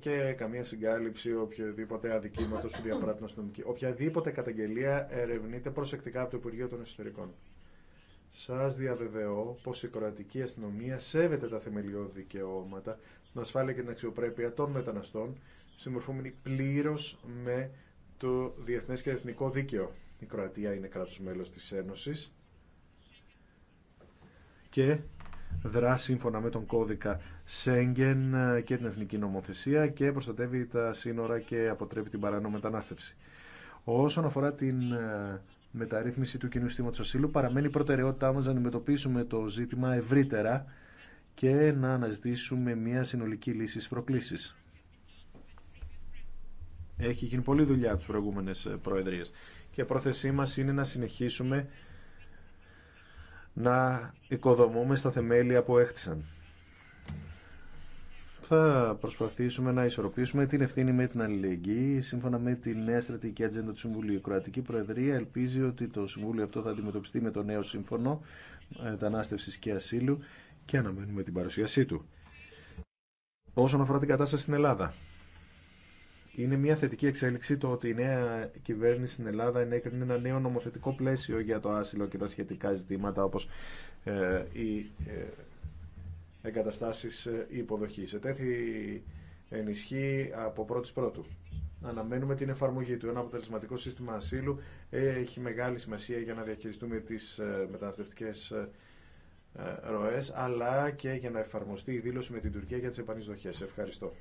και καμία συγκάλυψη οποιοδήποτε αδικήματο που διαπράττουν αστυνομική. Οποιαδήποτε καταγγελία ερευνείται προσεκτικά από το Υπουργείο των Εσωτερικών. Σα διαβεβαιώ πω η κροατική αστυνομία σέβεται τα θεμελιώδη δικαιώματα, την ασφάλεια και την αξιοπρέπεια των μεταναστών συμμορφούμενοι πλήρω με το διεθνές και εθνικό δίκαιο. Η Κροατία είναι κράτο μέλο της Ένωσης και δρά σύμφωνα με τον κώδικα Σέγγεν και την εθνική νομοθεσία και προστατεύει τα σύνορα και αποτρέπει την παράνομη μετανάστευση. Όσον αφορά την ε, μεταρρύθμιση του κοινού συστήματο ασύλου, παραμένει η προτεραιότητά μας να αντιμετωπίσουμε το ζήτημα ευρύτερα και να αναζητήσουμε μια συνολική λύση στι προκλήσει. Έχει γίνει πολλή δουλειά τις προηγούμενες ε, προεδρίες. Και η πρόθεσή μας είναι να συνεχίσουμε να οικοδομούμε στα θεμέλια που έχτισαν. Θα προσπαθήσουμε να ισορροπήσουμε την ευθύνη με την αλληλεγγύη. Σύμφωνα με τη νέα στρατηγική ατζέντα του Συμβουλίου, η Κροατική Προεδρία ελπίζει ότι το Συμβούλιο αυτό θα αντιμετωπιστεί με το νέο σύμφωνο ε, μετανάστευση και ασύλου και αναμένουμε την παρουσίασή του. Όσον αφορά την κατάσταση στην Ελλάδα, είναι μια θετική εξέλιξη το ότι η νέα κυβέρνηση στην Ελλάδα ενέκρινε ένα νέο νομοθετικό πλαίσιο για το άσυλο και τα σχετικά ζητήματα όπως ε, οι ε, εγκαταστάσεις ε, υποδοχής. Ετέθη ενισχύει από πρώτης πρώτου. Αναμένουμε την εφαρμογή του. Ένα αποτελεσματικό σύστημα ασύλου έχει μεγάλη σημασία για να διαχειριστούμε τις μεταναστευτικές ροές αλλά και για να εφαρμοστεί η δήλωση με την Τουρκία για τις επανεισδοχές. Ευχαριστώ.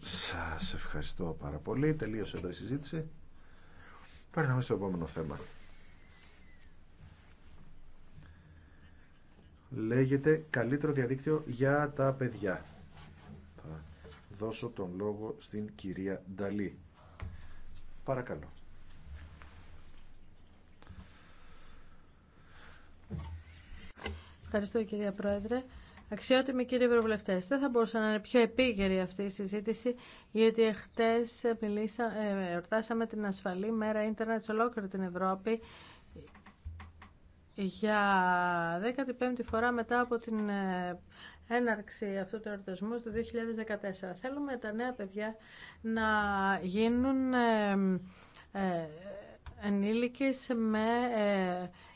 Σας ευχαριστώ πάρα πολύ. Τελείωσε εδώ η συζήτηση. Περνάμε στο επόμενο θέμα. Λέγεται καλύτερο διαδίκτυο για τα παιδιά. Θα δώσω τον λόγο στην κυρία Νταλή. Παρακαλώ. Ευχαριστώ κυρία Πρόεδρε. Αξιότιμοι κύριοι Ευρωβουλευτέ, δεν θα μπορούσε να είναι πιο επίγερη αυτή η συζήτηση, γιατί χτε εορτάσαμε την ασφαλή μέρα ίντερνετ σε ολόκληρη την Ευρώπη για 15η φορά μετά από την ε, έναρξη αυτού του εορτασμού το 2014. Θέλουμε τα νέα παιδιά να γίνουν ε, ε, ενήλικες με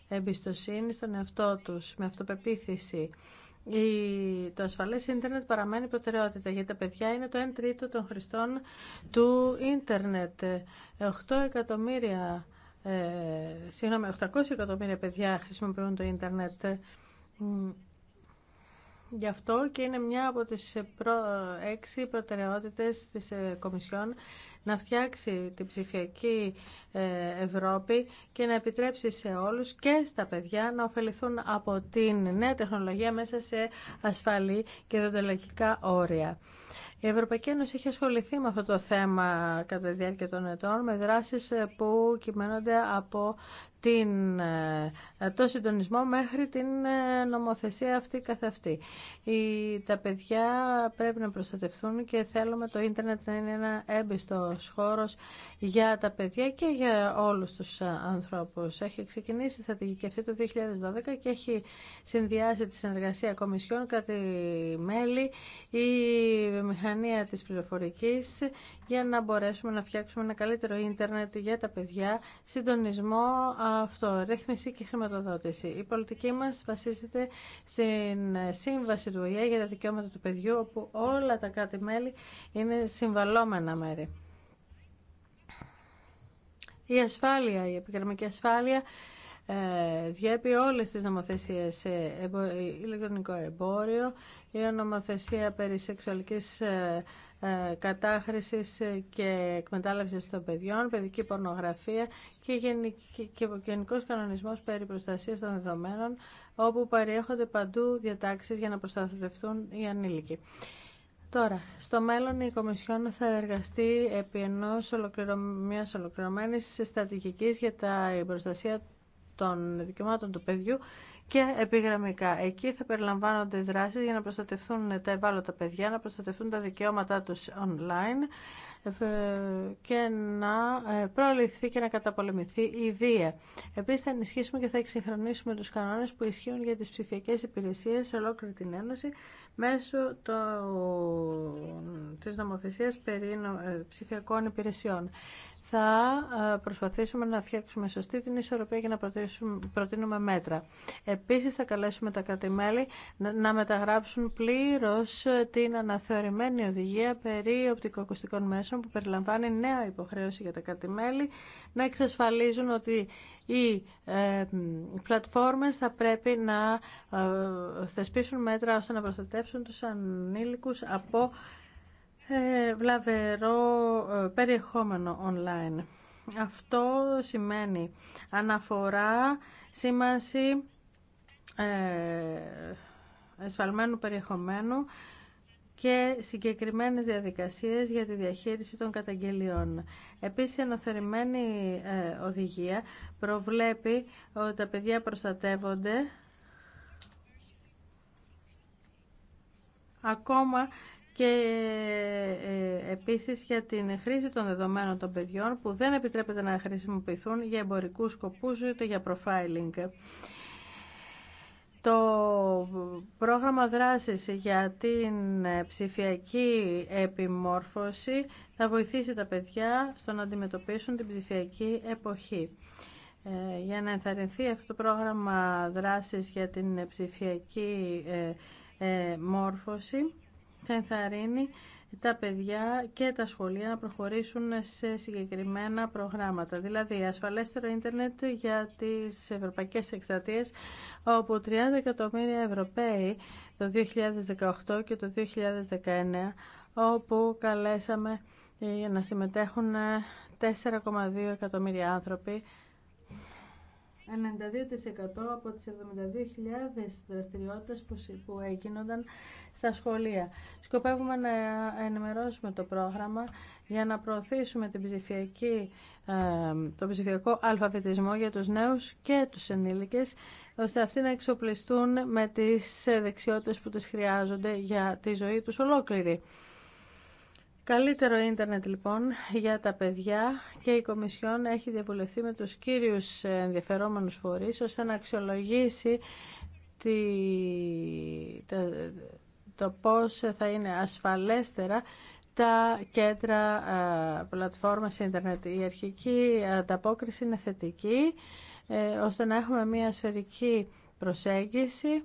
εμπιστοσύνη στον εαυτό τους, με αυτοπεποίθηση. Το ασφαλές ίντερνετ παραμένει προτεραιότητα γιατί τα παιδιά είναι το 1 τρίτο των χρηστών του ίντερνετ. 8 εκατομμύρια, ε, 800 εκατομμύρια παιδιά χρησιμοποιούν το ίντερνετ Γι' αυτό και είναι μια από τις ε, ε, έξι προτεραιότητες της ε, Κομισιόν να φτιάξει την ψηφιακή Ευρώπη και να επιτρέψει σε όλους και στα παιδιά να ωφεληθούν από την νέα τεχνολογία μέσα σε ασφαλή και δοντολογικά όρια. Η Ευρωπαϊκή Ένωση έχει ασχοληθεί με αυτό το θέμα κατά τη διάρκεια των ετών με δράσεις που κυμαίνονται από την, ε, το συντονισμό μέχρι την ε, νομοθεσία αυτή καθ' αυτή. τα παιδιά πρέπει να προστατευτούν και θέλουμε το ίντερνετ να είναι ένα έμπιστο χώρος για τα παιδιά και για όλους τους ε, ανθρώπους. Έχει ξεκινήσει η στρατηγική αυτή το 2012 και έχει συνδυάσει τη συνεργασία κομισιών κατι μέλη η μηχανία της πληροφορικής για να μπορέσουμε να φτιάξουμε ένα καλύτερο ίντερνετ για τα παιδιά, συντονισμό αυτό, ρύθμιση και χρηματοδότηση. Η πολιτική μας βασίζεται στην σύμβαση του ΟΗΕ για τα δικαιώματα του παιδιού, όπου όλα τα κάτι μελη είναι συμβαλόμενα μέρη. Η ασφάλεια, η επικοινωνική ασφάλεια ε, διέπει όλες τις νομοθεσίες σε ε, ηλεκτρονικό εμπόριο, η νομοθεσία περί σεξουαλικής ε, κατάχρησης και εκμετάλλευσης των παιδιών, παιδική πορνογραφία και γενικός κανονισμός περί προστασίας των δεδομένων, όπου παρέχονται παντού διατάξεις για να προστατευτούν οι ανήλικοι. Τώρα, στο μέλλον η Κομισιόν θα εργαστεί επί ενός ολοκληρω... μιας ολοκληρωμένης για την προστασία των δικαιωμάτων του παιδιού και επιγραμμικά. Εκεί θα περιλαμβάνονται δράσεις για να προστατευτούν τα ευάλωτα παιδιά, να προστατευτούν τα δικαιώματά τους online ε, και να ε, προληφθεί και να καταπολεμηθεί η βία. Επίσης θα ενισχύσουμε και θα εξυγχρονίσουμε τους κανόνες που ισχύουν για τις ψηφιακές υπηρεσίες σε ολόκληρη την Ένωση μέσω το... της νομοθεσίας περί ε, ψηφιακών υπηρεσιών θα ε, προσπαθήσουμε να φτιάξουμε σωστή την ισορροπία και να προτείνουμε μέτρα. Επίσης θα καλέσουμε τα κρατημέλη να μεταγράψουν πλήρως ε, την αναθεωρημένη οδηγία περί οπτικοακουστικών μέσων που περιλαμβάνει νέα υποχρέωση για τα κρατημέλη να εξασφαλίζουν ότι οι ε, πλατφόρμες θα πρέπει να θεσπίσουν μέτρα ώστε να προστατεύσουν τους ανήλικους από ε, βλαβερό ε, περιεχόμενο online. Αυτό σημαίνει αναφορά, σήμανση ε, εσφαλμένου περιεχομένου και συγκεκριμένες διαδικασίες για τη διαχείριση των καταγγελιών. Επίσης, η αναθεωρημένη οδηγία προβλέπει ότι τα παιδιά προστατεύονται ακόμα και ε, ε, επίσης για την χρήση των δεδομένων των παιδιών που δεν επιτρέπεται να χρησιμοποιηθούν για εμπορικούς σκοπούς ούτε για profiling. Το πρόγραμμα δράσης για την ε, ψηφιακή επιμόρφωση θα βοηθήσει τα παιδιά στο να αντιμετωπίσουν την ψηφιακή εποχή. Για να ενθαρρυνθεί αυτό το πρόγραμμα δράσης για την ψηφιακή μόρφωση, θα ενθαρρύνει τα παιδιά και τα σχολεία να προχωρήσουν σε συγκεκριμένα προγράμματα. Δηλαδή, ασφαλέστερο ίντερνετ για τις ευρωπαϊκές εκστρατείες, όπου 30 εκατομμύρια Ευρωπαίοι το 2018 και το 2019, όπου καλέσαμε ε, να συμμετέχουν 4,2 ε, εκατομμύρια άνθρωποι 92% από τις 72.000 δραστηριότητες που έγιναν στα σχολεία. Σκοπεύουμε να ενημερώσουμε το πρόγραμμα για να προωθήσουμε την ψηφιακή, το ψηφιακό αλφαβητισμό για τους νέους και τους ενήλικες, ώστε αυτοί να εξοπλιστούν με τις δεξιότητες που τις χρειάζονται για τη ζωή τους ολόκληρη. Καλύτερο ίντερνετ λοιπόν για τα παιδιά και η Κομισιόν έχει διαβουλευτεί με τους κύριους ενδιαφερόμενους φορείς ώστε να αξιολογήσει τη, το πώς θα είναι ασφαλέστερα τα κέντρα πλατφόρμας ίντερνετ. Η αρχική ανταπόκριση είναι θετική, ε, ώστε να έχουμε μια σφαιρική προσέγγιση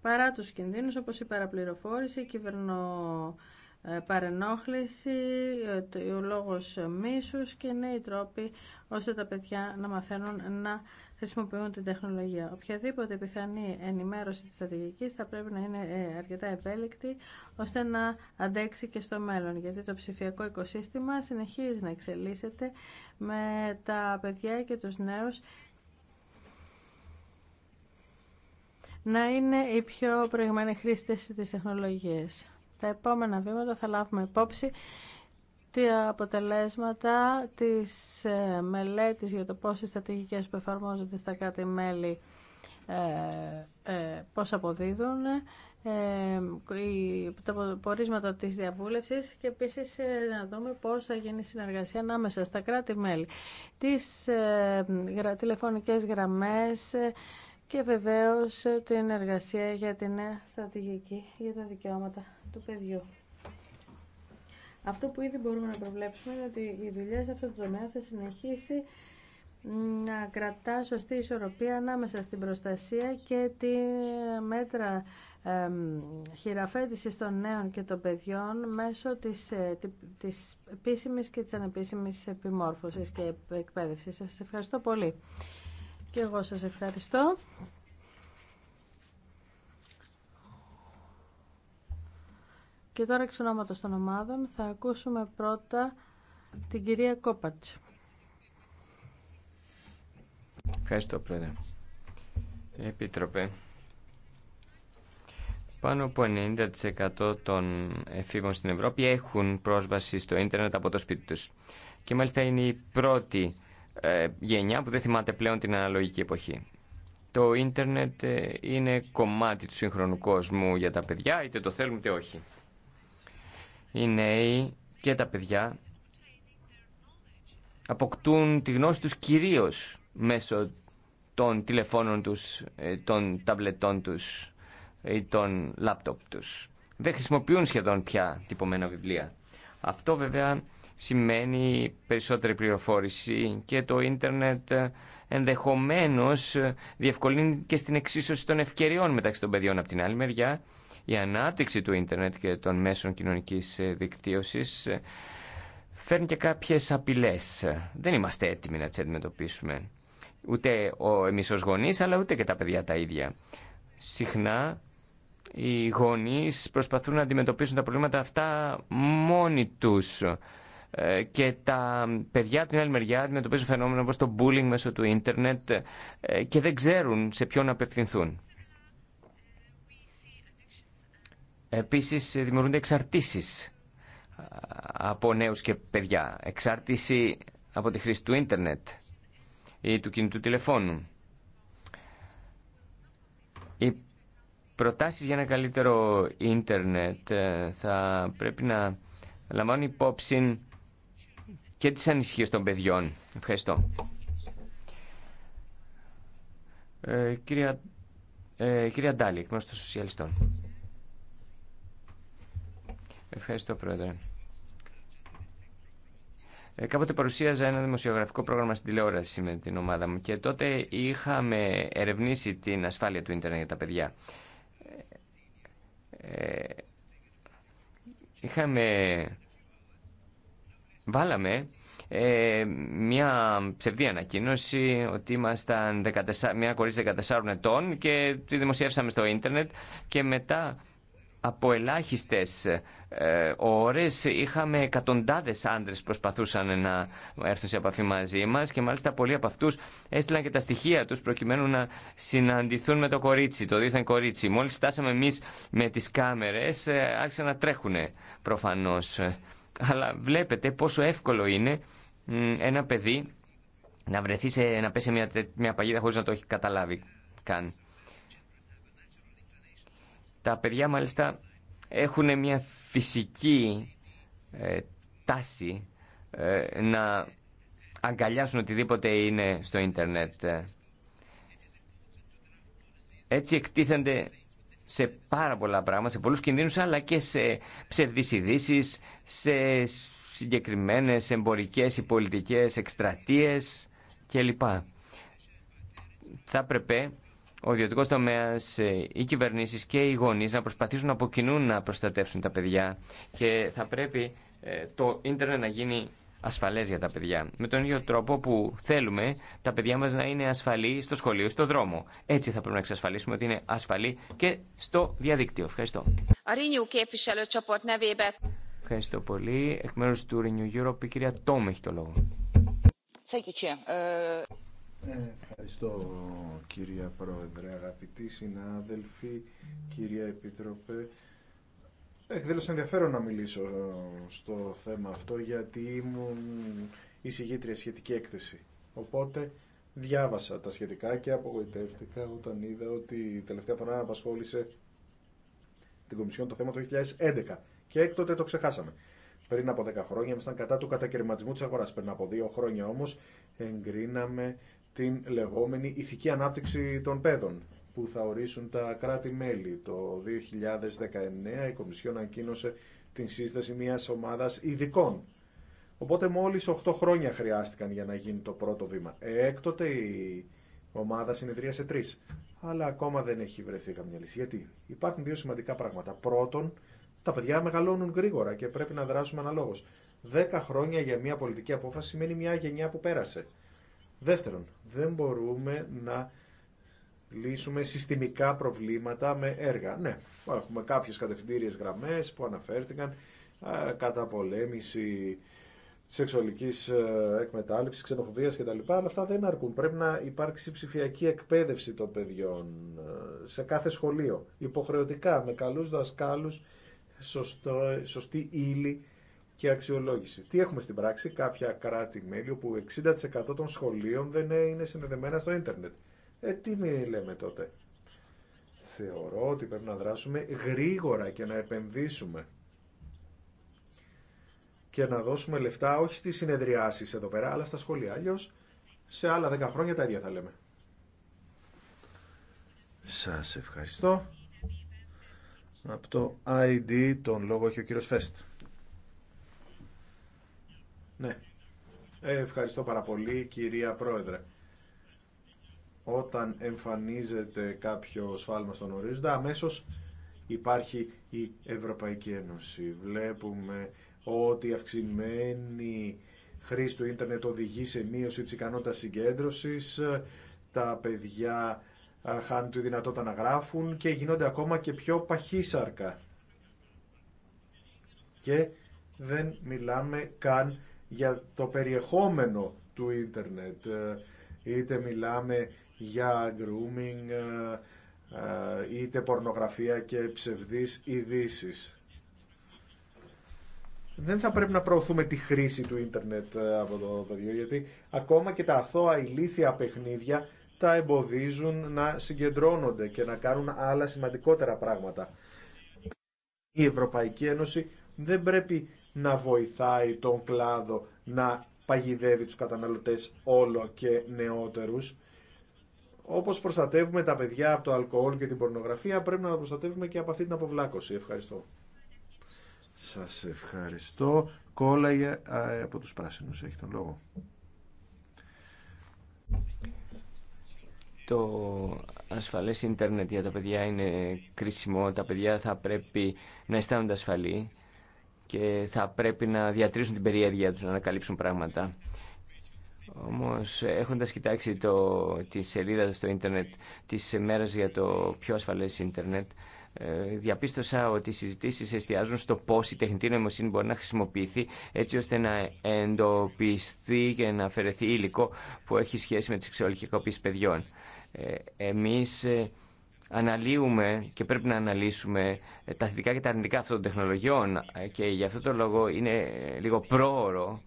παρά τους κινδύνους όπως η παραπληροφόρηση, η κυβερνοπαρενόχληση, ε, ε, ο λόγος μίσους και νέοι τρόποι ώστε τα παιδιά να μαθαίνουν να χρησιμοποιούν την τεχνολογία. Οποιαδήποτε πιθανή ενημέρωση της στρατηγικής θα πρέπει να είναι ε, αρκετά ευέλικτη ώστε να αντέξει και στο μέλλον γιατί το ψηφιακό οικοσύστημα συνεχίζει να εξελίσσεται με τα παιδιά και τους νέους να είναι οι πιο προηγμένοι χρήστε τη τεχνολογία. Τα επόμενα βήματα θα λάβουμε υπόψη τα αποτελέσματα της ε, μελέτης για το πώς οι στρατηγικές που εφαρμόζονται στα κράτη-μέλη ε, ε, πώς αποδίδουν, τα πορίσματα της διαβούλευσης και επίσης να δούμε πώς θα γίνει η συνεργασία ανάμεσα στα κράτη-μέλη. Τις τηλεφωνικές γραμμές, και βεβαίως την εργασία για την νέα στρατηγική για τα δικαιώματα του παιδιού. Αυτό που ήδη μπορούμε να προβλέψουμε είναι ότι η δουλειά σε αυτό το τομέα θα συνεχίσει να κρατά σωστή ισορροπία ανάμεσα στην προστασία και τη μέτρα ε, χειραφέτησης των νέων και των παιδιών μέσω της, ε, της επίσημης και της ανεπίσημης επιμόρφωσης και εκπαίδευσης. Σας ευχαριστώ πολύ. Και εγώ σας ευχαριστώ. Και τώρα εξ ονόματος των ομάδων θα ακούσουμε πρώτα την κυρία Κόπατς. Ευχαριστώ πρόεδρε. Επίτροπε. Πάνω από 90% των εφήβων στην Ευρώπη έχουν πρόσβαση στο ίντερνετ από το σπίτι τους. Και μάλιστα είναι η πρώτη ε, γενιά που δεν θυμάται πλέον την αναλογική εποχή. Το ίντερνετ ε, είναι κομμάτι του σύγχρονου κόσμου για τα παιδιά, είτε το θέλουν είτε όχι. Οι νέοι και τα παιδιά αποκτούν τη γνώση τους κυρίως μέσω των τηλεφώνων τους, ε, των ταμπλετών τους ή των λάπτοπ τους. Δεν χρησιμοποιούν σχεδόν πια τυπωμένα βιβλία. Αυτό βέβαια σημαίνει περισσότερη πληροφόρηση και το ίντερνετ ενδεχομένως διευκολύνει και στην εξίσωση των ευκαιριών μεταξύ των παιδιών. Από την άλλη μεριά, η ανάπτυξη του ίντερνετ και των μέσων κοινωνικής δικτύωσης φέρνει και κάποιες απειλές. Δεν είμαστε έτοιμοι να τις αντιμετωπίσουμε. Ούτε ο, εμείς ως γονείς, αλλά ούτε και τα παιδιά τα ίδια. Συχνά οι γονείς προσπαθούν να αντιμετωπίσουν τα προβλήματα αυτά μόνοι τους. Ε, και τα παιδιά από την άλλη μεριά αντιμετωπίζουν φαινόμενα όπως το bullying μέσω του ίντερνετ ε, και δεν ξέρουν σε ποιον να απευθυνθούν. Επίσης δημιουργούνται εξαρτήσεις ε, από νέους και παιδιά. Εξάρτηση από τη χρήση του ίντερνετ ή του κινητού τηλεφώνου. Οι προτάσεις για ένα καλύτερο ίντερνετ θα πρέπει να λαμβάνουν υπόψη και τις ανησυχίες των παιδιών. Ευχαριστώ. Ε, κυρία, ε, κυρία Ντάλη, εκ των Σοσιαλιστών. Ευχαριστώ, Πρόεδρε. Ε, κάποτε παρουσίαζα ένα δημοσιογραφικό πρόγραμμα στην τηλεόραση με την ομάδα μου και τότε είχαμε ερευνήσει την ασφάλεια του ίντερνετ για τα παιδιά. Ε, είχαμε βάλαμε ε, μια ψευδή ανακοίνωση ότι ήμασταν 14, μια κορίτσια 14 ετών και τη δημοσιεύσαμε στο ίντερνετ και μετά από ελάχιστες ε, ώρες είχαμε εκατοντάδες άντρες που προσπαθούσαν να έρθουν σε επαφή μαζί μας και μάλιστα πολλοί από αυτούς έστειλαν και τα στοιχεία τους προκειμένου να συναντηθούν με το κορίτσι, το δίθεν κορίτσι. Μόλις φτάσαμε εμείς με τις κάμερες ε, άρχισαν να τρέχουν προφανώς. Αλλά βλέπετε πόσο εύκολο είναι ένα παιδί να βρεθεί σε, να πέσει σε μια, μια παγίδα χωρίς να το έχει καταλάβει καν. Τα παιδιά μάλιστα έχουν μια φυσική ε, τάση ε, να αγκαλιάσουν οτιδήποτε είναι στο ίντερνετ. Έτσι εκτίθενται σε πάρα πολλά πράγματα, σε πολλούς κινδύνους, αλλά και σε ψευδείς ειδήσει, σε συγκεκριμένες εμπορικές ή πολιτικές εκστρατείες κλπ. Θα έπρεπε ο ιδιωτικό τομέα, οι κυβερνήσει και οι γονεί να προσπαθήσουν από κοινού να προστατεύσουν τα παιδιά και θα πρέπει ε, το ίντερνετ να γίνει ασφαλές για τα παιδιά. Με τον ίδιο τρόπο που θέλουμε τα παιδιά μας να είναι ασφαλή στο σχολείο, στο δρόμο. Έτσι θα πρέπει να εξασφαλίσουμε ότι είναι ασφαλή και στο διαδίκτυο. Ευχαριστώ. Ευχαριστώ πολύ. Εκ μέρους του Renew Europe, η κυρία Τόμ έχει το λόγο. Ε, ε, ευχαριστώ κυρία Πρόεδρε, αγαπητοί συνάδελφοι, κυρία Επίτροπε εκδήλωσε ενδιαφέρον να μιλήσω ε, στο θέμα αυτό γιατί ήμουν εισηγήτρια σχετική έκθεση. Οπότε διάβασα τα σχετικά και απογοητεύτηκα όταν είδα ότι η τελευταία φορά απασχόλησε την Κομισιόν το θέμα το 2011 και έκτοτε το ξεχάσαμε. Πριν από 10 χρόνια ήμασταν κατά του κατακαιρματισμού της αγοράς. Πριν από 2 χρόνια όμως εγκρίναμε την λεγόμενη ηθική ανάπτυξη των παιδών που θα ορίσουν τα κράτη-μέλη. Το 2019 η Κομισιόν ανακοίνωσε την σύσταση μιας ομάδας ειδικών. Οπότε μόλις 8 χρόνια χρειάστηκαν για να γίνει το πρώτο βήμα. Έκτοτε η ομάδα συνεδρίασε 3. Αλλά ακόμα δεν έχει βρεθεί καμιά λύση. Γιατί υπάρχουν δύο σημαντικά πράγματα. Πρώτον, τα παιδιά μεγαλώνουν γρήγορα και πρέπει να δράσουμε αναλόγω. Δέκα χρόνια για μια πολιτική απόφαση σημαίνει μια γενιά που πέρασε. Δεύτερον, δεν μπορούμε να λύσουμε συστημικά προβλήματα με έργα. Ναι, έχουμε κάποιες κατευθυντήριες γραμμές που αναφέρθηκαν ε, κατά πολέμηση σεξουαλικής ε, εκμετάλλευσης, ξενοφοβίας κτλ. Αλλά αυτά δεν αρκούν. Πρέπει να υπάρξει ψηφιακή εκπαίδευση των παιδιών ε, σε κάθε σχολείο. Υποχρεωτικά, με καλούς δασκάλους, σωστό, σωστή ύλη και αξιολόγηση. Τι έχουμε στην πράξη, κάποια κράτη-μέλη όπου 60% των σχολείων δεν είναι συνδεδεμένα στο ίντερνετ. Ε, τι λέμε τότε. Θεωρώ ότι πρέπει να δράσουμε γρήγορα και να επενδύσουμε και να δώσουμε λεφτά όχι στις συνεδριάσεις εδώ πέρα, αλλά στα σχολεία. Αλλιώ σε άλλα δέκα χρόνια τα ίδια θα λέμε. Σας ευχαριστώ. Από το ID τον λόγο έχει ο κύριος Φέστ. Ναι. Ε, ευχαριστώ πάρα πολύ κυρία Πρόεδρε όταν εμφανίζεται κάποιο σφάλμα στον ορίζοντα, αμέσως υπάρχει η Ευρωπαϊκή Ένωση. Βλέπουμε ότι η αυξημένη χρήση του ίντερνετ οδηγεί σε μείωση της ικανότητας συγκέντρωσης, τα παιδιά χάνουν τη δυνατότητα να γράφουν και γίνονται ακόμα και πιο παχύσαρκα. Και δεν μιλάμε καν για το περιεχόμενο του ίντερνετ. Ε, είτε μιλάμε για grooming, ε, ε, είτε πορνογραφία και ψευδείς ειδήσει. Δεν θα πρέπει να προωθούμε τη χρήση του ίντερνετ ε, από το παιδιό, γιατί ακόμα και τα αθώα ηλίθια παιχνίδια τα εμποδίζουν να συγκεντρώνονται και να κάνουν άλλα σημαντικότερα πράγματα. Η Ευρωπαϊκή Ένωση δεν πρέπει να βοηθάει τον κλάδο να παγιδεύει τους καταναλωτές όλο και νεότερους όπως προστατεύουμε τα παιδιά από το αλκοόλ και την πορνογραφία, πρέπει να τα προστατεύουμε και από αυτή την αποβλάκωση. Ευχαριστώ. Σας ευχαριστώ. Κόλαγε από τους πράσινους. Έχει τον λόγο. Το ασφαλές ίντερνετ για τα παιδιά είναι κρίσιμο. Τα παιδιά θα πρέπει να αισθάνονται ασφαλή και θα πρέπει να διατρήσουν την περιέργεια τους, να ανακαλύψουν πράγματα. Όμως έχοντας κοιτάξει το, τη σελίδα στο ίντερνετ της μέρας για το πιο ασφαλές ίντερνετ ε, διαπίστωσα ότι οι συζητήσεις εστιάζουν στο πώς η τεχνητή νοημοσύνη μπορεί να χρησιμοποιηθεί έτσι ώστε να εντοπιστεί και να αφαιρεθεί υλικό που έχει σχέση με τις σεξουαλική κακοποίηση παιδιών. Ε, εμείς ε, αναλύουμε και πρέπει να αναλύσουμε τα θετικά και τα αρνητικά αυτών των τεχνολογιών και γι' αυτό το λόγο είναι λίγο πρόωρο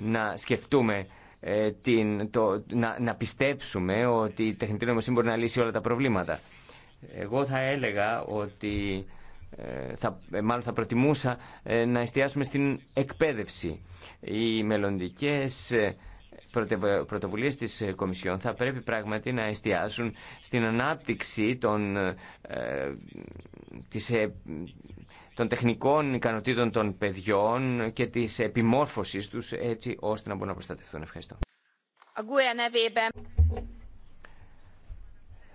να σκεφτούμε ε, την, το, να, να πιστέψουμε ότι η τεχνητή νοημοσύνη μπορεί να λύσει όλα τα προβλήματα. Εγώ θα έλεγα ότι ε, θα, ε, μάλλον θα προτιμούσα να εστιάσουμε στην εκπαίδευση. Οι μελλοντικέ πρωτοβουλίες της Κομισιόν θα πρέπει πράγματι να εστιάσουν στην ανάπτυξη των, ε, της, των τεχνικών ικανοτήτων των παιδιών και τη επιμόρφωσης τους έτσι ώστε να μπορούν να προστατευτούν. Ευχαριστώ.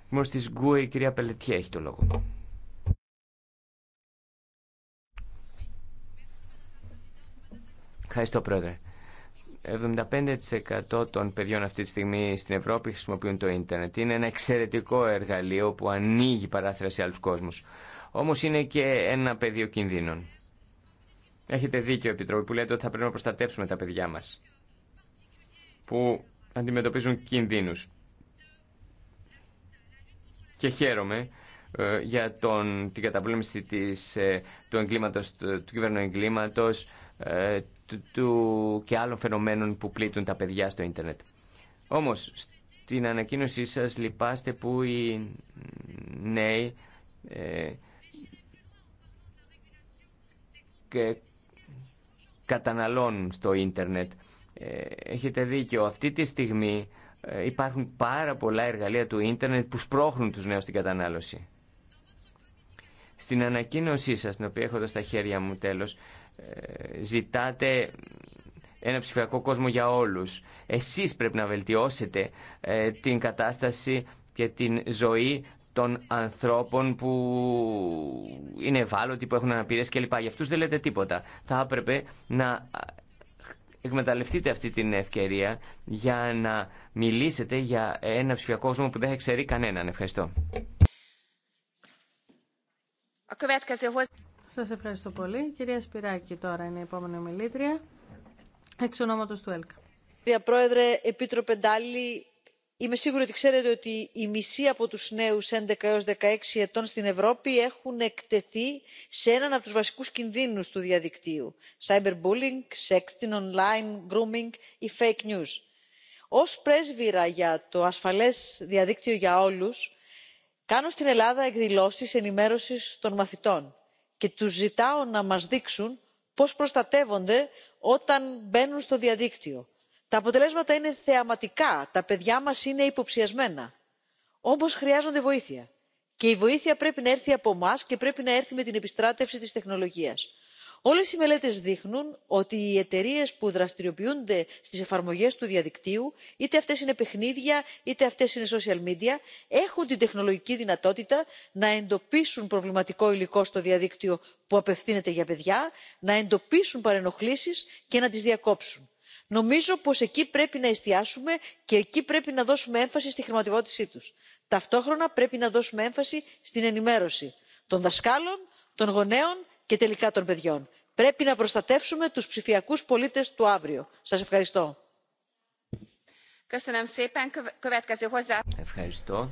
Μόλις τη Γκουε η κυρία Πελετιέ έχει το λόγο. Ευχαριστώ πρόεδρε. 75% των παιδιών αυτή τη στιγμή στην Ευρώπη χρησιμοποιούν το ίντερνετ. Είναι ένα εξαιρετικό εργαλείο που ανοίγει παράθυρα σε άλλους κόσμους όμως είναι και ένα πεδίο κινδύνων. Έχετε δίκιο, Επιτροπή, που λέτε ότι θα πρέπει να προστατεύσουμε τα παιδιά μας που αντιμετωπίζουν κινδύνους. Και χαίρομαι ε, για τον, την καταπολέμηση της, ε, του, εγκλήματος, του, ε, του του, και άλλων φαινομένων που πλήττουν τα παιδιά στο ίντερνετ. Όμως, στην ανακοίνωσή σας λυπάστε που οι νέοι καταναλώνουν στο ίντερνετ. Ε, έχετε δίκιο, αυτή τη στιγμή ε, υπάρχουν πάρα πολλά εργαλεία του ίντερνετ που σπρώχνουν τους νέους στην κατανάλωση. Στην ανακοίνωσή σας, την οποία έχω εδώ στα χέρια μου τέλος, ε, ζητάτε ένα ψηφιακό κόσμο για όλους. Εσείς πρέπει να βελτιώσετε την κατάσταση και την ζωή των ανθρώπων που είναι ευάλωτοι, που έχουν αναπηρίες κλπ. Για αυτούς δεν λέτε τίποτα. Θα έπρεπε να εκμεταλλευτείτε αυτή την ευκαιρία για να μιλήσετε για ένα ψηφιακό κόσμο που δεν θα ξέρει κανέναν. Ευχαριστώ. Σας ευχαριστώ πολύ. Κυρία Σπυράκη τώρα είναι η επόμενη ομιλήτρια. Εξ του ΕΛΚΑ. Κυρία Πρόεδρε, Επίτροπε είμαι σίγουρη ότι ξέρετε ότι η μισή από τους νέους έντεκα έως δεκαέξι ετών στην ευρώπη έχουν εκτεθεί σε έναν από τους βασικούς κινδύνους του διαδικτύου cyberbullying sexting online grooming ή fake news. ως πρέσβυρα για το ασφαλές διαδίκτυο για όλους κάνω στην ελλάδα εκδηλώσεις ενημέρωσης των μαθητών και τους ζητάω να μας δείξουν πώς προστατεύονται όταν μπαίνουν στο διαδίκτυο τα αποτελέσματα είναι θεαματικά τα παιδιά μας είναι υποψιασμένα. όμως χρειάζονται βοήθεια και η βοήθεια πρέπει να έρθει από εμά και πρέπει να έρθει με την επιστράτευση της τεχνολογίας. όλες οι μελέτες δείχνουν ότι οι εταιρείες που δραστηριοποιούνται στις εφαρμογές του διαδικτύου είτε αυτές είναι παιχνίδια είτε αυτές είναι social media έχουν την τεχνολογική δυνατότητα να εντοπίσουν προβληματικό υλικό στο διαδίκτυο που απευθύνεται για παιδιά να εντοπίσουν παρενοχλήσεις και να τις διακόψουν νομίζω πως εκεί πρέπει να εστιάσουμε και εκεί πρέπει να δώσουμε έμφαση στη χρηματοδότησή τους. ταυτόχρονα πρέπει να δώσουμε έμφαση στην ενημέρωση των δασκάλων των γονέων και τελικά των παιδιών. πρέπει να προστατεύσουμε τους ψηφιακούς πολίτες του αύριο. σας ευχαριστώ. Ευχαριστώ.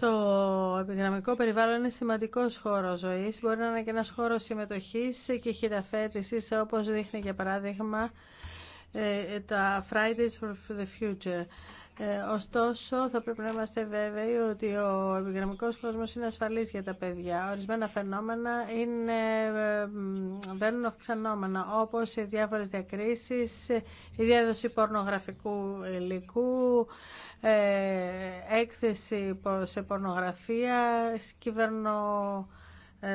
Το επιγραμμικό περιβάλλον είναι σημαντικό χώρο ζωή. Μπορεί να είναι και ένα χώρο συμμετοχή και χειραφέτηση, όπω δείχνει για παράδειγμα ε, τα Fridays for the Future. Ε, ωστόσο, θα πρέπει να είμαστε βέβαιοι ότι ο επιγραμμικός κόσμος είναι ασφαλής για τα παιδιά. Ορισμένα φαινόμενα είναι, ε, μπαίνουν αυξανόμενα, όπως οι διάφορε διακρίσει, η διάδοση πορνογραφικού υλικού, ε, έκθεση σε πορνογραφία, κυβερνο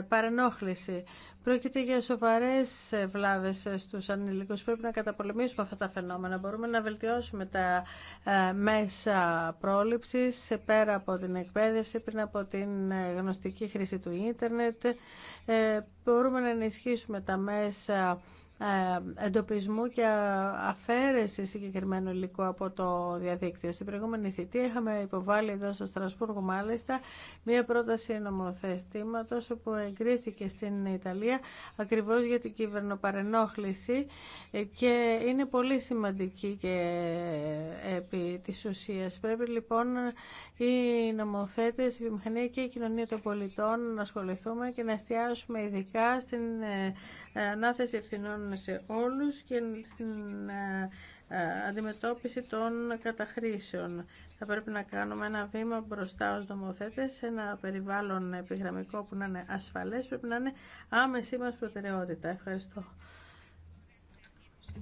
παρενόχληση. Πρόκειται για σοβαρέ βλάβε στου ανηλίκου. Πρέπει να καταπολεμήσουμε αυτά τα φαινόμενα. Μπορούμε να βελτιώσουμε τα ε, μέσα πρόληψη πέρα από την εκπαίδευση, πριν από την ε, γνωστική χρήση του ίντερνετ. Ε, μπορούμε να ενισχύσουμε τα μέσα ε, εντοπισμού και αφαίρεση συγκεκριμένου υλικού από το διαδίκτυο. Στην προηγούμενη θητή είχαμε υποβάλει εδώ στο Στρασβούργο μάλιστα μία πρόταση νομοθεστήματος που εγκρίθηκε στην Ιταλία ακριβώς για την κυβερνοπαρενόχληση και είναι πολύ σημαντική και επί της ουσίας. Πρέπει λοιπόν οι νομοθέτες, η βιομηχανία και η κοινωνία των πολιτών να ασχοληθούμε και να εστιάσουμε ειδικά στην ε, ανάθεση ευθυνών σε όλους και στην ε, ε, αντιμετώπιση των καταχρήσεων. Θα πρέπει να κάνουμε ένα βήμα μπροστά ως νομοθέτες σε ένα περιβάλλον επιγραμμικό που να είναι ασφαλές. Πρέπει να είναι άμεση μας προτεραιότητα. Ευχαριστώ.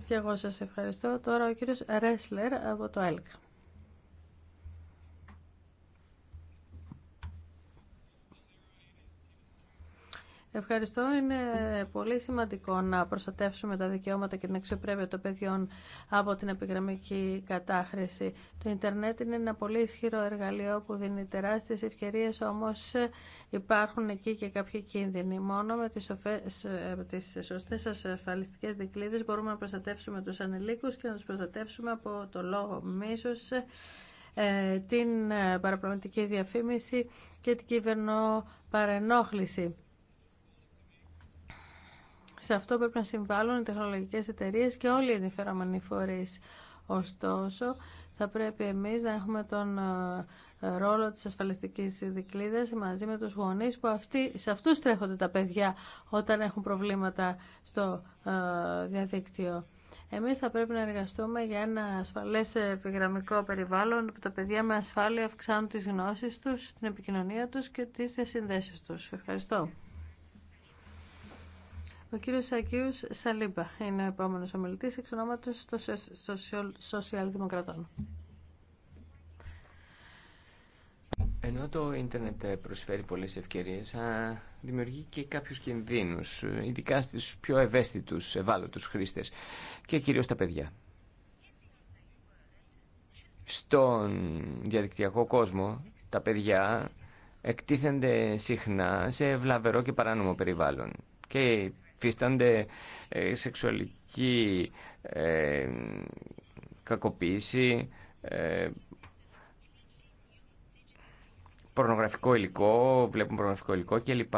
Και εγώ σας ευχαριστώ. Τώρα ο κύριος Ρέσλερ από το ΕΛΚΑ. Ευχαριστώ. Είναι πολύ σημαντικό να προστατεύσουμε τα δικαιώματα και την αξιοπρέπεια των παιδιών από την επιγραμμική κατάχρηση. Το ίντερνετ είναι ένα πολύ ισχυρό εργαλείο που δίνει τεράστιες ευκαιρίες, όμως υπάρχουν εκεί και κάποιοι κίνδυνοι. Μόνο με τις, σωστέ ασφαλιστικέ ε, σωστές μπορούμε να προστατεύσουμε τους ανηλίκους και να τους προστατεύσουμε από το λόγο μίσος, ε, την παραπλανητική διαφήμιση και την κυβερνοπαρενόχληση. Σε αυτό πρέπει να συμβάλλουν οι τεχνολογικές εταιρείες και όλοι οι ενδιαφερόμενοι φορεί. Ωστόσο, θα πρέπει εμείς να έχουμε τον ε, ρόλο της ασφαλιστικής δικλίδας μαζί με τους γονείς που αυτοί, σε αυτούς τρέχονται τα παιδιά όταν έχουν προβλήματα στο ε, διαδίκτυο. Εμείς θα πρέπει να εργαστούμε για ένα ασφαλές επιγραμμικό περιβάλλον που τα παιδιά με ασφάλεια αυξάνουν τις γνώσεις τους, την επικοινωνία τους και τις συνδέσεις τους. Ευχαριστώ. Ο κύριος Ακίου Σαλίμπα είναι ο επόμενος ομιλητής εξ ονόματος των Σοσιαλδημοκρατών. Ενώ το ίντερνετ προσφέρει πολλές ευκαιρίες, δημιουργεί και κάποιους κινδύνους, ειδικά στις πιο ευαίσθητους, ευάλωτους χρήστες και κυρίως τα παιδιά. Στον διαδικτυακό κόσμο, τα παιδιά εκτίθενται συχνά σε βλαβερό και παράνομο περιβάλλον. Και υφίστανται ε, σεξουαλική ε, κακοποίηση, ε, πορνογραφικό υλικό, βλέπουν πορνογραφικό υλικό κλπ.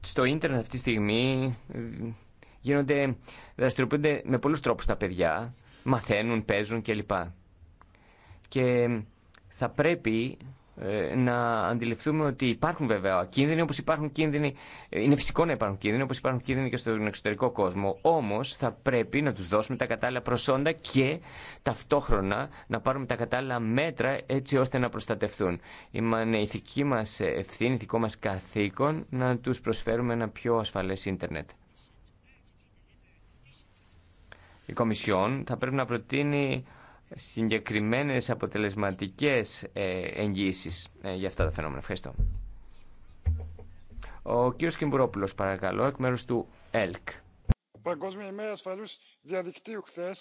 Στο ίντερνετ αυτή τη στιγμή δραστηριοποιούνται με πολλούς τρόπους τα παιδιά, μαθαίνουν, παίζουν κλπ. Και θα πρέπει ε, να αντιληφθούμε ότι υπάρχουν βέβαια κίνδυνοι όπως υπάρχουν κίνδυνοι, είναι φυσικό να υπάρχουν κίνδυνοι όπως υπάρχουν κίνδυνοι και στον εξωτερικό κόσμο. Όμως θα πρέπει να τους δώσουμε τα κατάλληλα προσόντα και ταυτόχρονα να πάρουμε τα κατάλληλα μέτρα έτσι ώστε να προστατευτούν. η ηθική μας ευθύνη, ηθικό μας καθήκον να τους προσφέρουμε ένα πιο ασφαλές ίντερνετ. Η Κομισιόν θα πρέπει να προτείνει συγκεκριμένες αποτελεσματικές ε, εγγύησεις ε, για αυτά τα φαινόμενα. Ευχαριστώ. Ο κύριος Κιμπουρόπουλος, παρακαλώ, εκ μέρους του ΕΛΚ. Παγκόσμια ημέρα ασφαλούς διαδικτύου χθε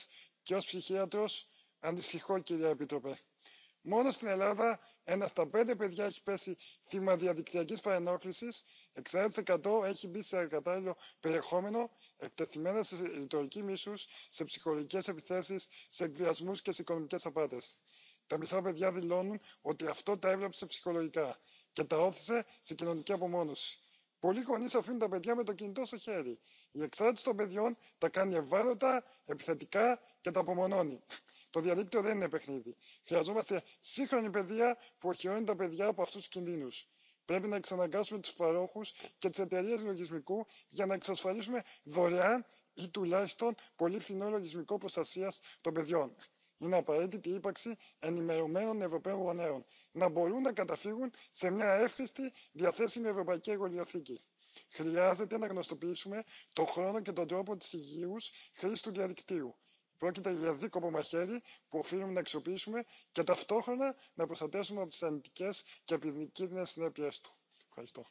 και ως ψυχίατρος αντισυχώ, κυρία Επίτροπε. Μόνο στην Ελλάδα ένα στα πέντε παιδιά έχει πέσει θύμα διαδικτυακής παρενόχλησης 60% έχει μπει σε ακατάλληλο περιεχόμενο, εκτεθειμένα σε ρητορική μίσου, σε ψυχολογικέ επιθέσει, σε εκβιασμού και σε οικονομικέ απάτε. Τα μισά παιδιά δηλώνουν ότι αυτό τα έβλεψε ψυχολογικά και τα όθησε σε κοινωνική απομόνωση. Πολλοί γονεί αφήνουν τα παιδιά με το κινητό στο χέρι. Η εξάρτηση των παιδιών τα κάνει ευάλωτα, επιθετικά και τα απομονώνει. Το διαδίκτυο δεν είναι παιχνίδι. Χρειαζόμαστε σύγχρονη παιδεία που οχυρώνει τα παιδιά από αυτού του κινδύνου. Πρέπει να εξαναγκάσουμε τους παρόχους και τι εταιρείε λογισμικού για να εξασφαλίσουμε δωρεάν ή τουλάχιστον πολύ φθηνό λογισμικό προστασία των παιδιών. Είναι απαραίτητη η ύπαρξη ενημερωμένων Ευρωπαίων γονέων να μπορούν να καταφύγουν σε μια εύχρηστη διαθέσιμη ευρωπαϊκή εργολιοθήκη. Χρειάζεται να γνωστοποιήσουμε τον χρόνο και τον τρόπο τη υγιού χρήση του διαδικτύου Πρόκειται για δίκοπο μαχαίρι που οφείλουμε να αξιοποιήσουμε και ταυτόχρονα να προστατεύσουμε από τι αρνητικέ και επιδικίνδυνε συνέπειέ του. Ευχαριστώ.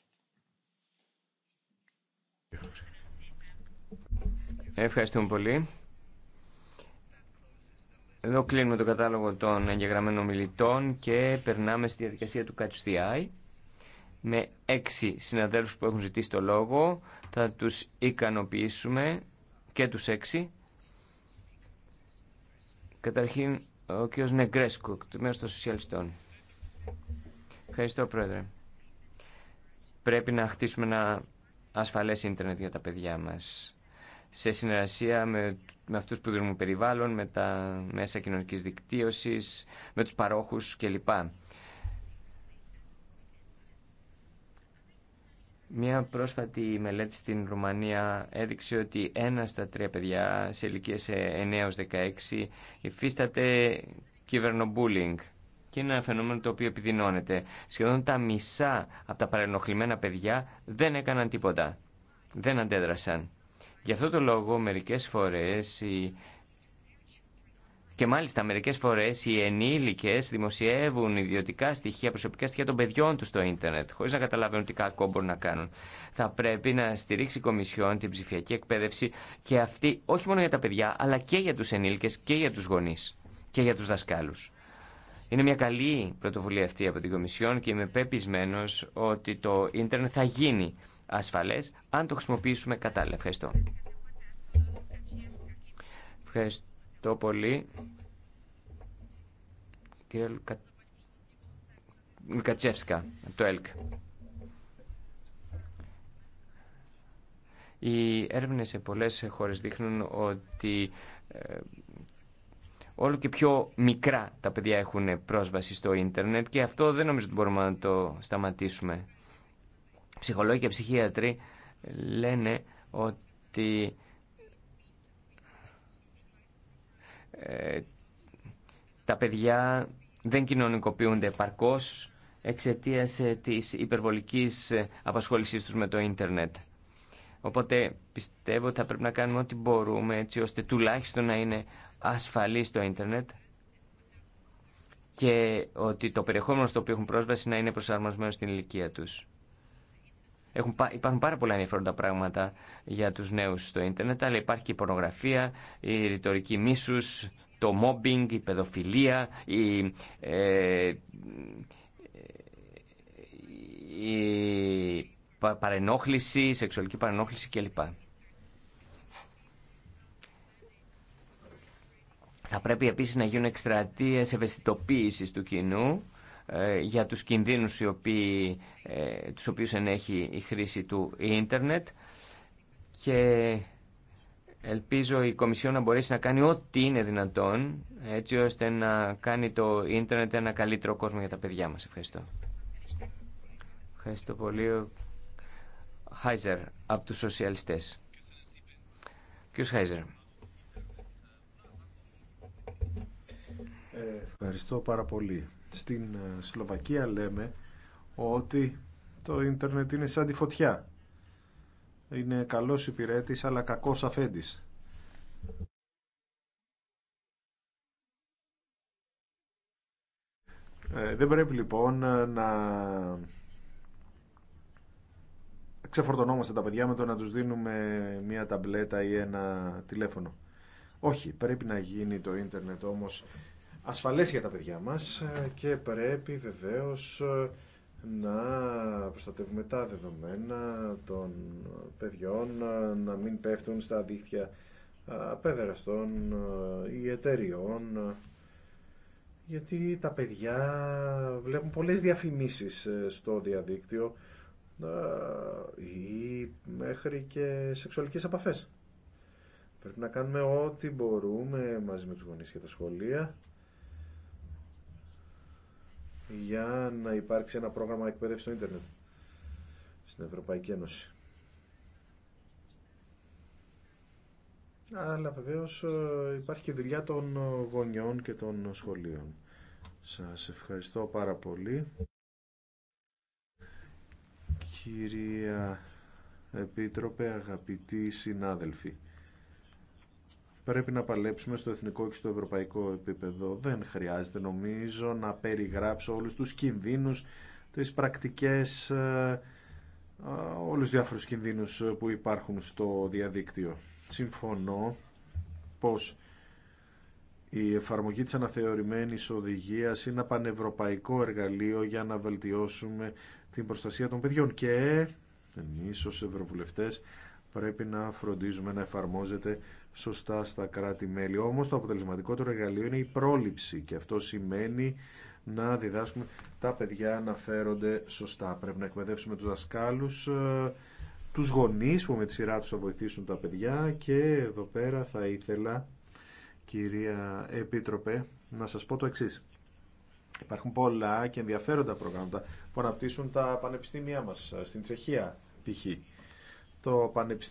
Ευχαριστούμε πολύ. Εδώ κλείνουμε τον κατάλογο των εγγεγραμμένων μιλητών και περνάμε στη διαδικασία του Catch με έξι συναδέλφους που έχουν ζητήσει το λόγο. Θα τους ικανοποιήσουμε και τους έξι. Καταρχήν, ο κ. Νεγκρέσκου, του μέρους των Σοσιαλιστών. Ευχαριστώ, Πρόεδρε. Πρέπει να χτίσουμε ένα ασφαλές ίντερνετ για τα παιδιά μας. Σε συνεργασία με, με αυτούς που δίνουν περιβάλλον, με τα μέσα κοινωνικής δικτύωσης, με τους παρόχους κλπ. Μια πρόσφατη μελέτη στην Ρουμανία έδειξε ότι ένα στα τρία παιδιά σε ηλικίε 9-16 υφίσταται κυβερνομπούλινγκ και είναι ένα φαινόμενο το οποίο επιδεινώνεται. Σχεδόν τα μισά από τα παρενοχλημένα παιδιά δεν έκαναν τίποτα. Δεν αντέδρασαν. Γι' αυτό το λόγο μερικές φορές οι και μάλιστα μερικές φορές οι ενήλικες δημοσιεύουν ιδιωτικά στοιχεία, προσωπικά στοιχεία των παιδιών τους στο ίντερνετ, χωρίς να καταλαβαίνουν τι κακό μπορούν να κάνουν. Θα πρέπει να στηρίξει η Κομισιόν την ψηφιακή εκπαίδευση και αυτή όχι μόνο για τα παιδιά, αλλά και για τους ενήλικες και για τους γονείς και για τους δασκάλους. Είναι μια καλή πρωτοβουλία αυτή από την Κομισιόν και είμαι πεπισμένο ότι το ίντερνετ θα γίνει ασφαλές αν το χρησιμοποιήσουμε κατάλληλα. Ευχαριστώ. Ευχαριστώ το πολύ. Κύριε Λουκα... από το ΕΛΚ. Οι έρευνες σε πολλές χώρες δείχνουν ότι ε, όλο και πιο μικρά τα παιδιά έχουν πρόσβαση στο ίντερνετ και αυτό δεν νομίζω ότι μπορούμε να το σταματήσουμε. Ψυχολόγοι και ψυχίατροι λένε ότι παιδιά δεν κοινωνικοποιούνται επαρκώς εξαιτίας ε, της υπερβολικής ε, απασχόλησής τους με το ίντερνετ. Οπότε πιστεύω ότι θα πρέπει να κάνουμε ό,τι μπορούμε έτσι ώστε τουλάχιστον να είναι ασφαλή στο ίντερνετ και ότι το περιεχόμενο στο οποίο έχουν πρόσβαση να είναι προσαρμοσμένο στην ηλικία τους. Έχουν, υπάρχουν πάρα πολλά ενδιαφέροντα πράγματα για τους νέους στο ίντερνετ, αλλά υπάρχει και η πορνογραφία, η ρητορική μίσους, το μόμπινγκ, η παιδοφιλία, η, ε, η παρενόχληση, η σεξουαλική παρενόχληση κλπ. Θα πρέπει επίσης να γίνουν εκστρατείες ευαισθητοποίησης του κοινού ε, για τους κινδύνους οι οποίοι, ε, τους οποίους ενέχει η χρήση του ίντερνετ και Ελπίζω η Κομισιόν να μπορέσει να κάνει ό,τι είναι δυνατόν έτσι ώστε να κάνει το ίντερνετ ένα καλύτερο κόσμο για τα παιδιά μας. Ευχαριστώ. Ευχαριστώ πολύ. Χάιζερ από τους σοσιαλιστές. Κύριος Χάιζερ. Ευχαριστώ πάρα πολύ. Στην ε, Σλοβακία λέμε ότι το ίντερνετ είναι σαν τη φωτιά είναι καλός υπηρέτης αλλά κακός αφέντης. Ε, δεν πρέπει λοιπόν να ξεφορτωνόμαστε τα παιδιά με το να τους δίνουμε μία ταμπλέτα ή ένα τηλέφωνο. Όχι, πρέπει να γίνει το ίντερνετ όμως ασφαλές για τα παιδιά μας ε, και πρέπει βεβαίως ε, να προστατεύουμε τα δεδομένα των παιδιών, να μην πέφτουν στα δίχτυα παιδεραστών ή εταιριών, γιατί τα παιδιά βλέπουν πολλές διαφημίσεις ε, στο διαδίκτυο ή μέχρι και σεξουαλικές απαφές. Πρέπει να κάνουμε ό,τι μπορούμε μαζί με τους γονείς και τα σχολεία για να υπάρξει ένα πρόγραμμα εκπαίδευση στο ίντερνετ στην Ευρωπαϊκή Ένωση. Αλλά βεβαίως ε, υπάρχει και δουλειά των ε, γονιών και των σχολείων. Σας ευχαριστώ πάρα πολύ. Κυρία Επίτροπε, αγαπητοί συνάδελφοι πρέπει να παλέψουμε στο εθνικό και στο ευρωπαϊκό επίπεδο. Δεν χρειάζεται νομίζω να περιγράψω όλους τους κινδύνους, τις πρακτικές, ε, ε, όλους τους διάφορους κινδύνους που υπάρχουν στο διαδίκτυο. Συμφωνώ πως η εφαρμογή της αναθεωρημένης οδηγίας είναι ένα πανευρωπαϊκό εργαλείο για να βελτιώσουμε την προστασία των παιδιών και εμείς ως ευρωβουλευτές πρέπει να φροντίζουμε να εφαρμόζεται σωστά στα κράτη-μέλη. Όμως το αποτελεσματικότερο εργαλείο είναι η πρόληψη και αυτό σημαίνει να διδάσκουμε τα παιδιά να φέρονται σωστά. Πρέπει να εκπαιδεύσουμε τους δασκάλους, ε, τους γονείς που με τη σειρά τους θα βοηθήσουν τα παιδιά και εδώ πέρα θα ήθελα, κυρία Επίτροπε, να σας πω το εξή. Υπάρχουν πολλά και ενδιαφέροντα προγράμματα που αναπτύσσουν τα πανεπιστήμια μας ε, στην Τσεχία π.χ. Το πανεπιστήμιο